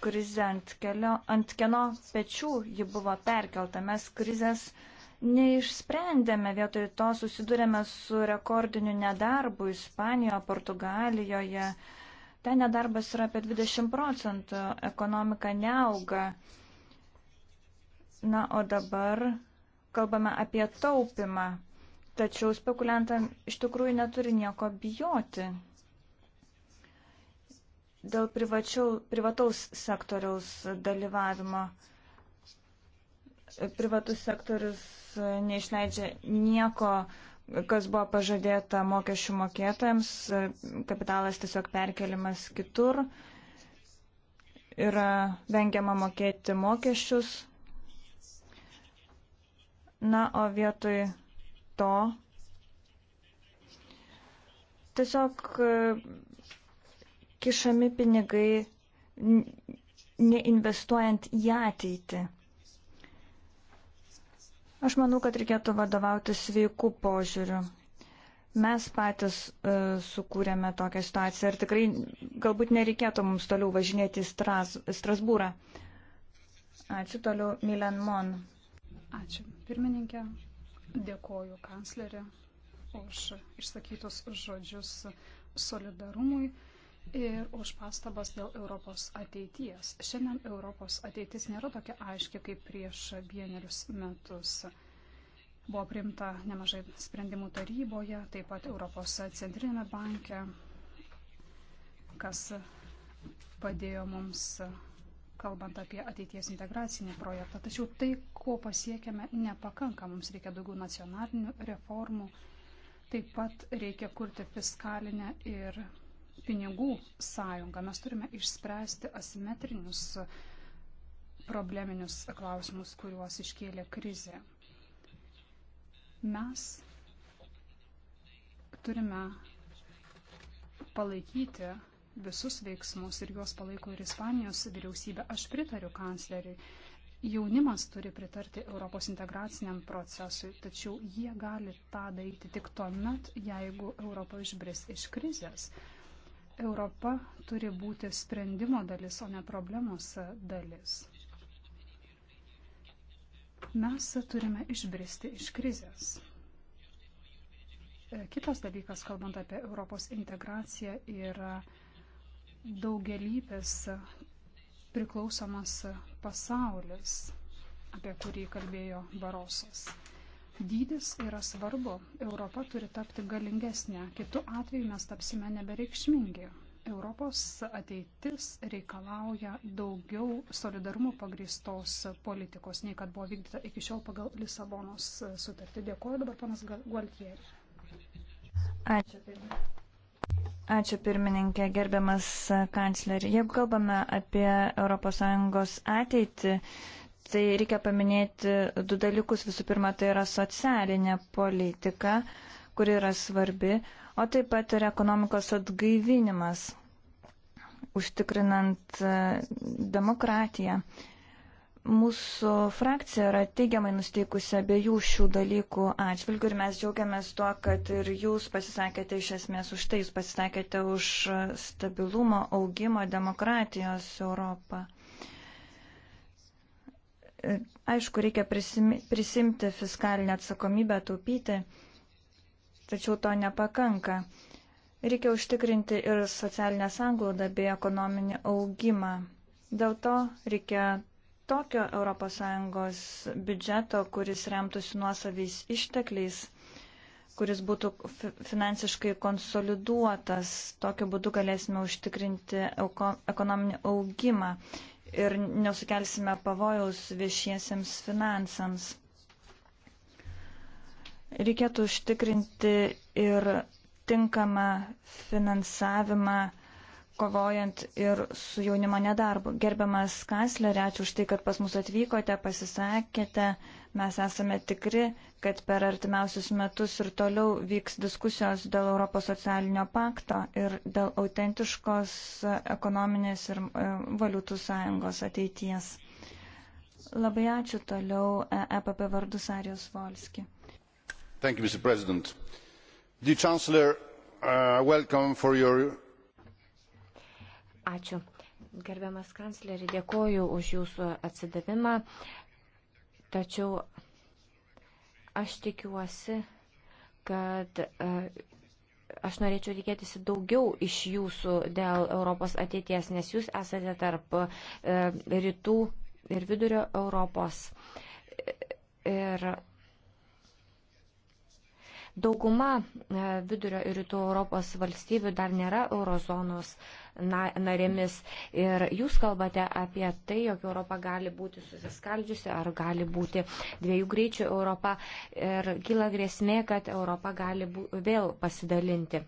krize ant, kelio, ant kieno pečių ji buvo perkelta? Mes krizės uh, neišsprendėme, vietoj to susidurėme su rekordiniu nedarbu Ispanijoje, Portugalijoje. Ten nedarbas yra apie 20 procentų, ekonomika neauga. Na, o dabar kalbame apie taupimą, tačiau spekuliantam iš tikrųjų neturi nieko bijoti. Dėl privačiau, privataus sektoriaus dalyvavimo privatus sektorius e, neišleidžia nieko, kas buvo pažadėta mokesčių mokėtojams, e, kapitalas tiesiog perkeliamas kitur, yra vengiama mokėti mokesčius. Na, o vietoj to tiesiog e, kišami pinigai neinvestuojant į ateitį. Aš manau, kad reikėtų vadovauti sveikų požiūrių. Mes patys uh, sukūrėme tokią situaciją ir tikrai galbūt nereikėtų mums toliau važinėti į Stras, Strasbūrą. Ačiū toliau, Milan Mon. Ačiū, pirmininkė. Dėkoju kanclerė už išsakytus žodžius solidarumui ir už pastabas dėl Europos ateities. Šiandien Europos ateitis nėra tokia aiški kaip prieš vienerius metus. Buvo priimta nemažai sprendimų taryboje, taip pat Europos centrinėme banke, kas padėjo mums kalbant apie ateities integracinį projektą. Tačiau tai, ko pasiekėme, nepakanka. Mums reikia daugiau nacionalinių reformų. Taip pat reikia kurti fiskalinę ir pinigų sąjungą. Mes turime išspręsti asimetrinius probleminius klausimus, kuriuos iškėlė krizė. Mes turime palaikyti visus veiksmus ir juos palaiko ir Ispanijos vyriausybė. Aš pritariu kancleriui. Jaunimas turi pritarti Europos integraciniam procesui, tačiau jie gali tą daryti tik tuo met, jeigu Europa išbris iš krizės. Europa turi būti sprendimo dalis, o ne problemos dalis. Mes turime išbristi iš krizės. Kitas dalykas, kalbant apie Europos integraciją, yra daugelypės priklausomas pasaulis, apie kurį kalbėjo Barosas. Dydis yra svarbu. Europa turi tapti galingesnė. Kitu atveju mes tapsime nebereikšmingi. Europos ateitis reikalauja daugiau solidarumo pagristos politikos, nei kad buvo vykdyta iki šiol pagal Lisabonos sutartį. Dėkuoju dabar panas Gualtieri. Ačiū. Ačiū pirmininkė, gerbiamas kancleri. Jeigu kalbame apie ES ateitį, tai reikia paminėti du dalykus. Visų pirma, tai yra socialinė politika, kuri yra svarbi, o taip pat ir ekonomikos atgaivinimas, užtikrinant e, demokratiją. Mūsų frakcija yra teigiamai nusteikusi abiejų šių dalykų atžvilgių ir mes džiaugiamės tuo, kad ir jūs pasisakėte iš esmės už tai, jūs pasisakėte už stabilumo, augimo, demokratijos Europą. Aišku, reikia prisimti fiskalinę atsakomybę, taupyti, tačiau to nepakanka. Reikia užtikrinti ir socialinę sanglaudą bei ekonominį augimą. Dėl to reikia tokio ES biudžeto, kuris remtųsi nuosaviais ištekliais, kuris būtų finansiškai konsoliduotas. Tokiu būdu galėsime užtikrinti ekonominį augimą ir nesukelsime pavojaus viešiesiems finansams. Reikėtų užtikrinti ir tinkamą finansavimą kovojant ir su jaunimo nedarbu. Gerbiamas kanclerė, ačiū už tai, kad pas mus atvykote, pasisakėte. Mes esame tikri, kad per artimiausius metus ir toliau vyks diskusijos dėl Europos socialinio pakto ir dėl autentiškos ekonominės ir e, valiutų sąjungos ateities. Labai ačiū toliau EPP e vardu Sarijos Volski. Thank you, Mr. President. Dear Chancellor, uh, welcome for your. Ačiū. Gerbiamas kancleri, dėkoju už jūsų atsidavimą. Tačiau aš tikiuosi, kad e, aš norėčiau tikėtis daugiau iš jūsų dėl Europos ateities, nes jūs esate tarp e, rytų ir vidurio Europos. E, ir Dauguma e, vidurio ir rytų Europos valstybių dar nėra eurozonos narėmis ir jūs kalbate apie tai, jog Europa gali būti susiskaldžiusi ar gali būti dviejų greičių Europa ir gila grėsmė, kad Europa gali vėl pasidalinti.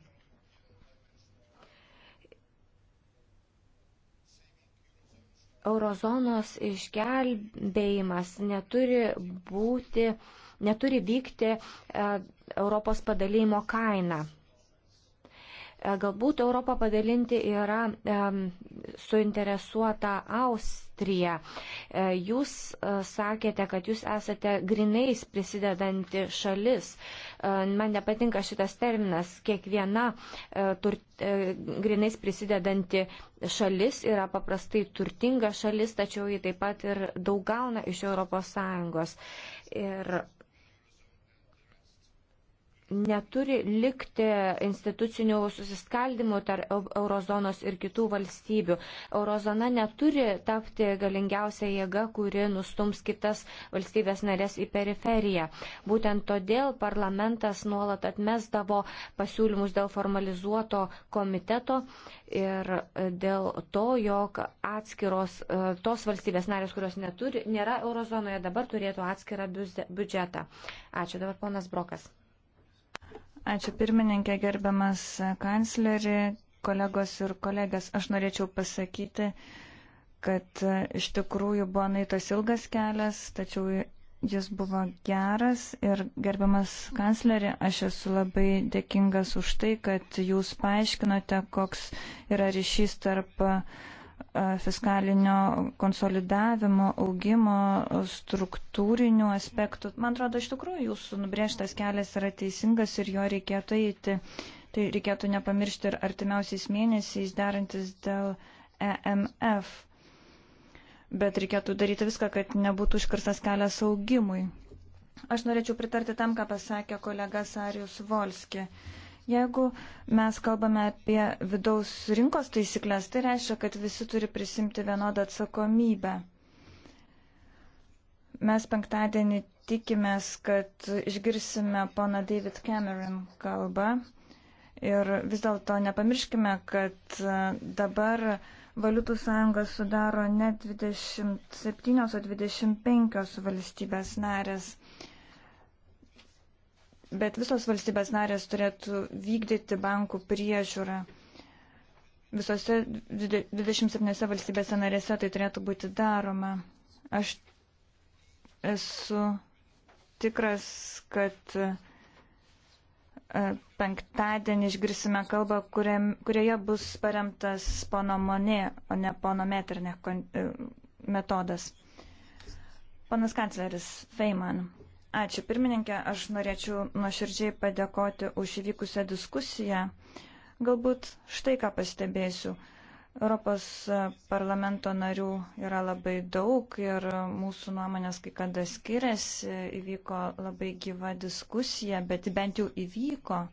eurozonos išgelbėjimas neturi būti uh, neturi vykti e, Europos padalymo kaina. E, galbūt Europą padalinti yra e, suinteresuota Austrija. Jūs sakėte, kad jūs esate grinais prisidedanti šalis. Man nepatinka šitas terminas. Kiekviena tur, grinais prisidedanti šalis yra paprastai turtinga šalis, tačiau ji taip pat ir daug gauna iš ES. Ir neturi likti institucinių susiskaldimų tarp eurozonos ir kitų valstybių. Eurozona neturi tapti galingiausia jėga, kuri nustums kitas valstybės narės į periferiją. Būtent todėl parlamentas nuolat atmesdavo pasiūlymus dėl formalizuoto komiteto ir e, dėl to, jog atskiros e, tos valstybės narės, kurios neturi, nėra eurozonoje, dabar turėtų atskirą biudžetą. Ačiū dabar ponas Brokas. Ačiū pirmininkė, gerbiamas kancleri, kolegos ir kolegės. Aš norėčiau pasakyti, kad e, iš tikrųjų buvo naitas ilgas kelias, tačiau jis buvo geras ir gerbiamas kancleri, aš esu labai dėkingas už tai, kad jūs paaiškinote, koks yra ryšys tarp uh, fiskalinio konsolidavimo, augimo, struktūrinių aspektų. Man atrodo, iš tikrųjų jūsų nubrėžtas kelias yra teisingas ir jo reikėtų eiti. Tai reikėtų nepamiršti ir artimiausiais mėnesiais derantis dėl EMF. Bet reikėtų daryti viską, kad nebūtų užkirstas kelias augimui. Aš norėčiau pritarti tam, ką pasakė kolega Sarijus Volski. Uh, Jeigu mes kalbame apie vidaus rinkos taisyklės, tai reiškia, kad visi turi prisimti vienodą atsakomybę. Mes penktadienį tikimės, kad išgirsime pono David Cameron kalbą. Ir vis dėlto nepamirškime, kad e, dabar valiutų sąjungą sudaro ne 27, o 25 valstybės narės bet visos valstybės narės turėtų vykdyti bankų priežiūrą. Visose 27 valstybėse narėse tai turėtų būti daroma. Aš esu tikras, kad e, penktadienį išgirsime kalbą, kurie, kurioje bus paremtas pono Monė, o ne pono Metrinė e, metodas. Panas kancleris Feiman. Ačiū pirmininkė, aš norėčiau nuoširdžiai padėkoti už įvykusią diskusiją. Galbūt štai ką pastebėsiu. Europos parlamento narių yra labai daug ir mūsų nuomonės kai kada skiriasi, įvyko labai gyva diskusija, bet bent jau įvyko.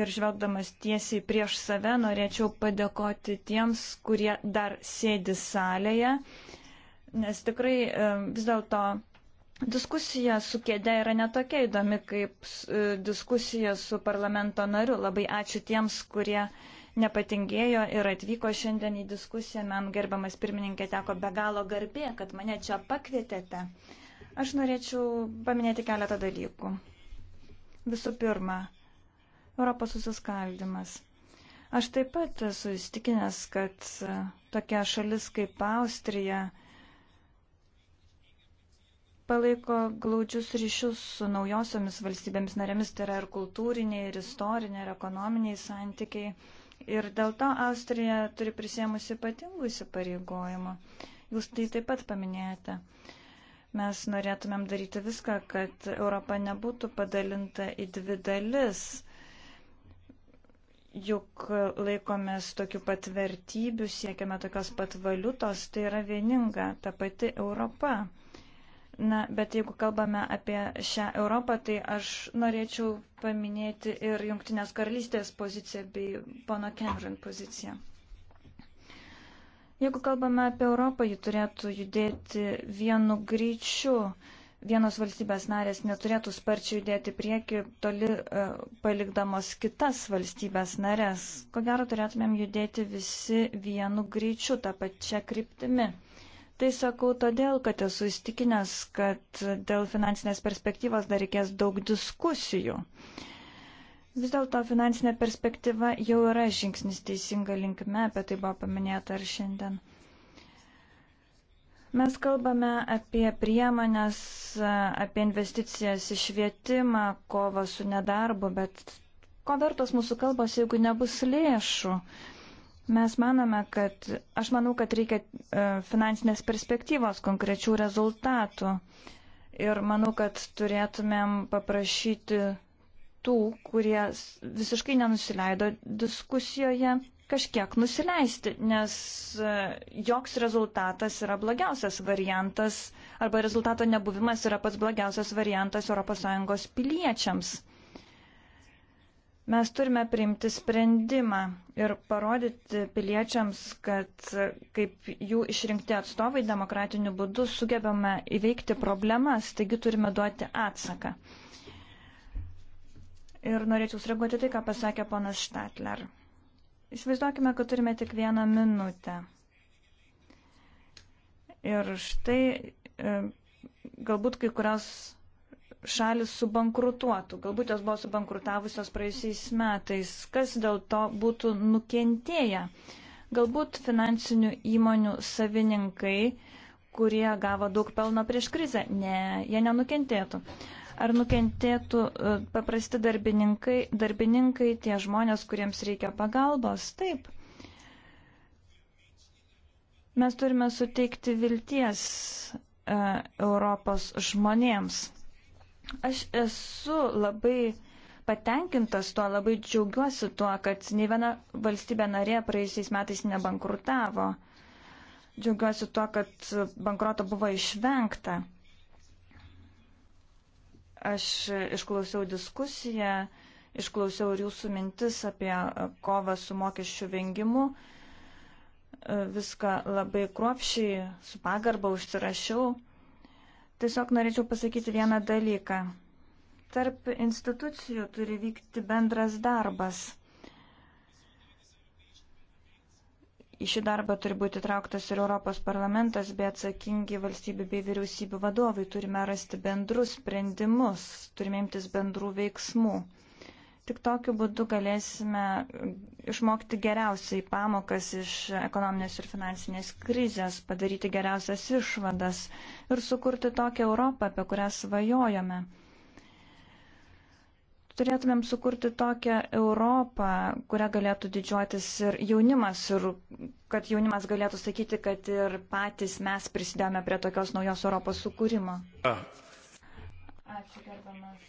Ir žvelgdamas tiesiai prieš save norėčiau padėkoti tiems, kurie dar sėdi salėje, nes tikrai e, vis dėlto Diskusija su kėdė yra netokia įdomi kaip e, diskusija su parlamento nariu. Labai ačiū tiems, kurie nepatingėjo ir atvyko šiandien į diskusiją. Man gerbiamas pirmininkė teko be galo garbė, kad mane čia pakvietėte. Aš norėčiau paminėti keletą dalykų. Visų pirma, Europos susiskaldimas. Aš taip pat esu įstikinęs, kad tokia šalis kaip Austrija palaiko glaudžius ryšius su naujosiomis valstybėmis narėmis, tai yra ir kultūriniai, ir istoriniai, ir ekonominiai santykiai. Ir dėl to Austrija turi prisėmusi ypatingų įsipareigojimų. Jūs tai taip pat paminėjote. Mes norėtumėm daryti viską, kad Europa nebūtų padalinta į dvi dalis. Juk laikomės tokių pat vertybių, siekiame tokios pat valiutos, tai yra vieninga ta pati Europa. Na, bet jeigu kalbame apie šią Europą, tai aš norėčiau paminėti ir Junktinės karalystės poziciją bei pono Cameron poziciją. Jeigu kalbame apie Europą, ji turėtų judėti vienu greičiu. Vienos valstybės narės neturėtų sparčiai judėti prieki, toli e, palikdamos kitas valstybės narės. Ko gero turėtumėm judėti visi vienu greičiu, tą pačią kryptimi. Tai sakau todėl, kad esu įstikinęs, kad dėl finansinės perspektyvos dar reikės daug diskusijų. Vis dėlto finansinė perspektyva jau yra žingsnis teisinga linkme, apie tai buvo paminėta ir šiandien. Mes kalbame apie priemonės, apie investicijas į švietimą, kovą su nedarbu, bet ko vertos mūsų kalbos, jeigu nebus lėšų? Uh, Mes manome, kad, aš manau, kad reikia e, finansinės perspektyvos konkrečių rezultatų. Ir manau, kad turėtumėm paprašyti tų, kurie visiškai nenusileido diskusijoje, kažkiek nusileisti, nes e, joks rezultatas yra blogiausias variantas arba rezultato nebuvimas yra pats blogiausias variantas ES piliečiams. Mes turime priimti sprendimą ir parodyti piliečiams, kad kaip jų išrinkti atstovai demokratiniu būdu sugebame įveikti problemas, taigi turime duoti atsaką. Ir norėčiau sureaguoti tai, ką pasakė ponas Štatler. Įsivaizduokime, kad turime tik vieną minutę. Ir štai e, galbūt kai kurios šalis subankrutuotų. Galbūt jos buvo subankrutavusios praėjusiais metais. Kas dėl to būtų nukentėję? Galbūt finansinių įmonių savininkai, kurie gavo daug pelno prieš krizę. Ne, jie nenukentėtų. Ar nukentėtų e, paprasti darbininkai, darbininkai tie žmonės, kuriems reikia pagalbos? Taip. Mes turime suteikti vilties e, Europos žmonėms. Aš esu labai patenkintas tuo, labai džiaugiuosi tuo, kad nei viena valstybė narė praėjusiais metais nebankrutavo. Džiaugiuosi tuo, kad bankroto buvo išvengta. Aš išklausiau diskusiją, išklausiau ir jūsų mintis apie kovą su mokesčių vengimu. Viską labai kruopšiai, su pagarba užsirašiau. Tiesiog norėčiau pasakyti vieną dalyką. Tarp institucijų turi vykti bendras darbas. Į šį darbą turi būti trauktas ir Europos parlamentas, bei atsakingi valstybių bei vyriausybių vadovai. Turime rasti bendrus sprendimus, turime imtis bendrų veiksmų. Tik tokiu būdu galėsime išmokti geriausiai pamokas iš ekonominės ir finansinės krizės, padaryti geriausias išvadas ir sukurti tokią Europą, apie kurią svajojame. Turėtumėm sukurti tokią Europą, kurią galėtų didžiuotis ir jaunimas, ir kad jaunimas galėtų sakyti, kad ir patys mes prisidėjome prie tokios naujos Europos sukūrimo. Ah. Ačiū gerbamas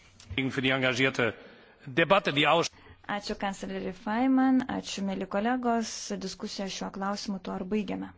debatte, die aus. Ačiū kanclerį Feiman, ačiū mėly kolegos, diskusiją šiuo klausimu tuo ar baigiame.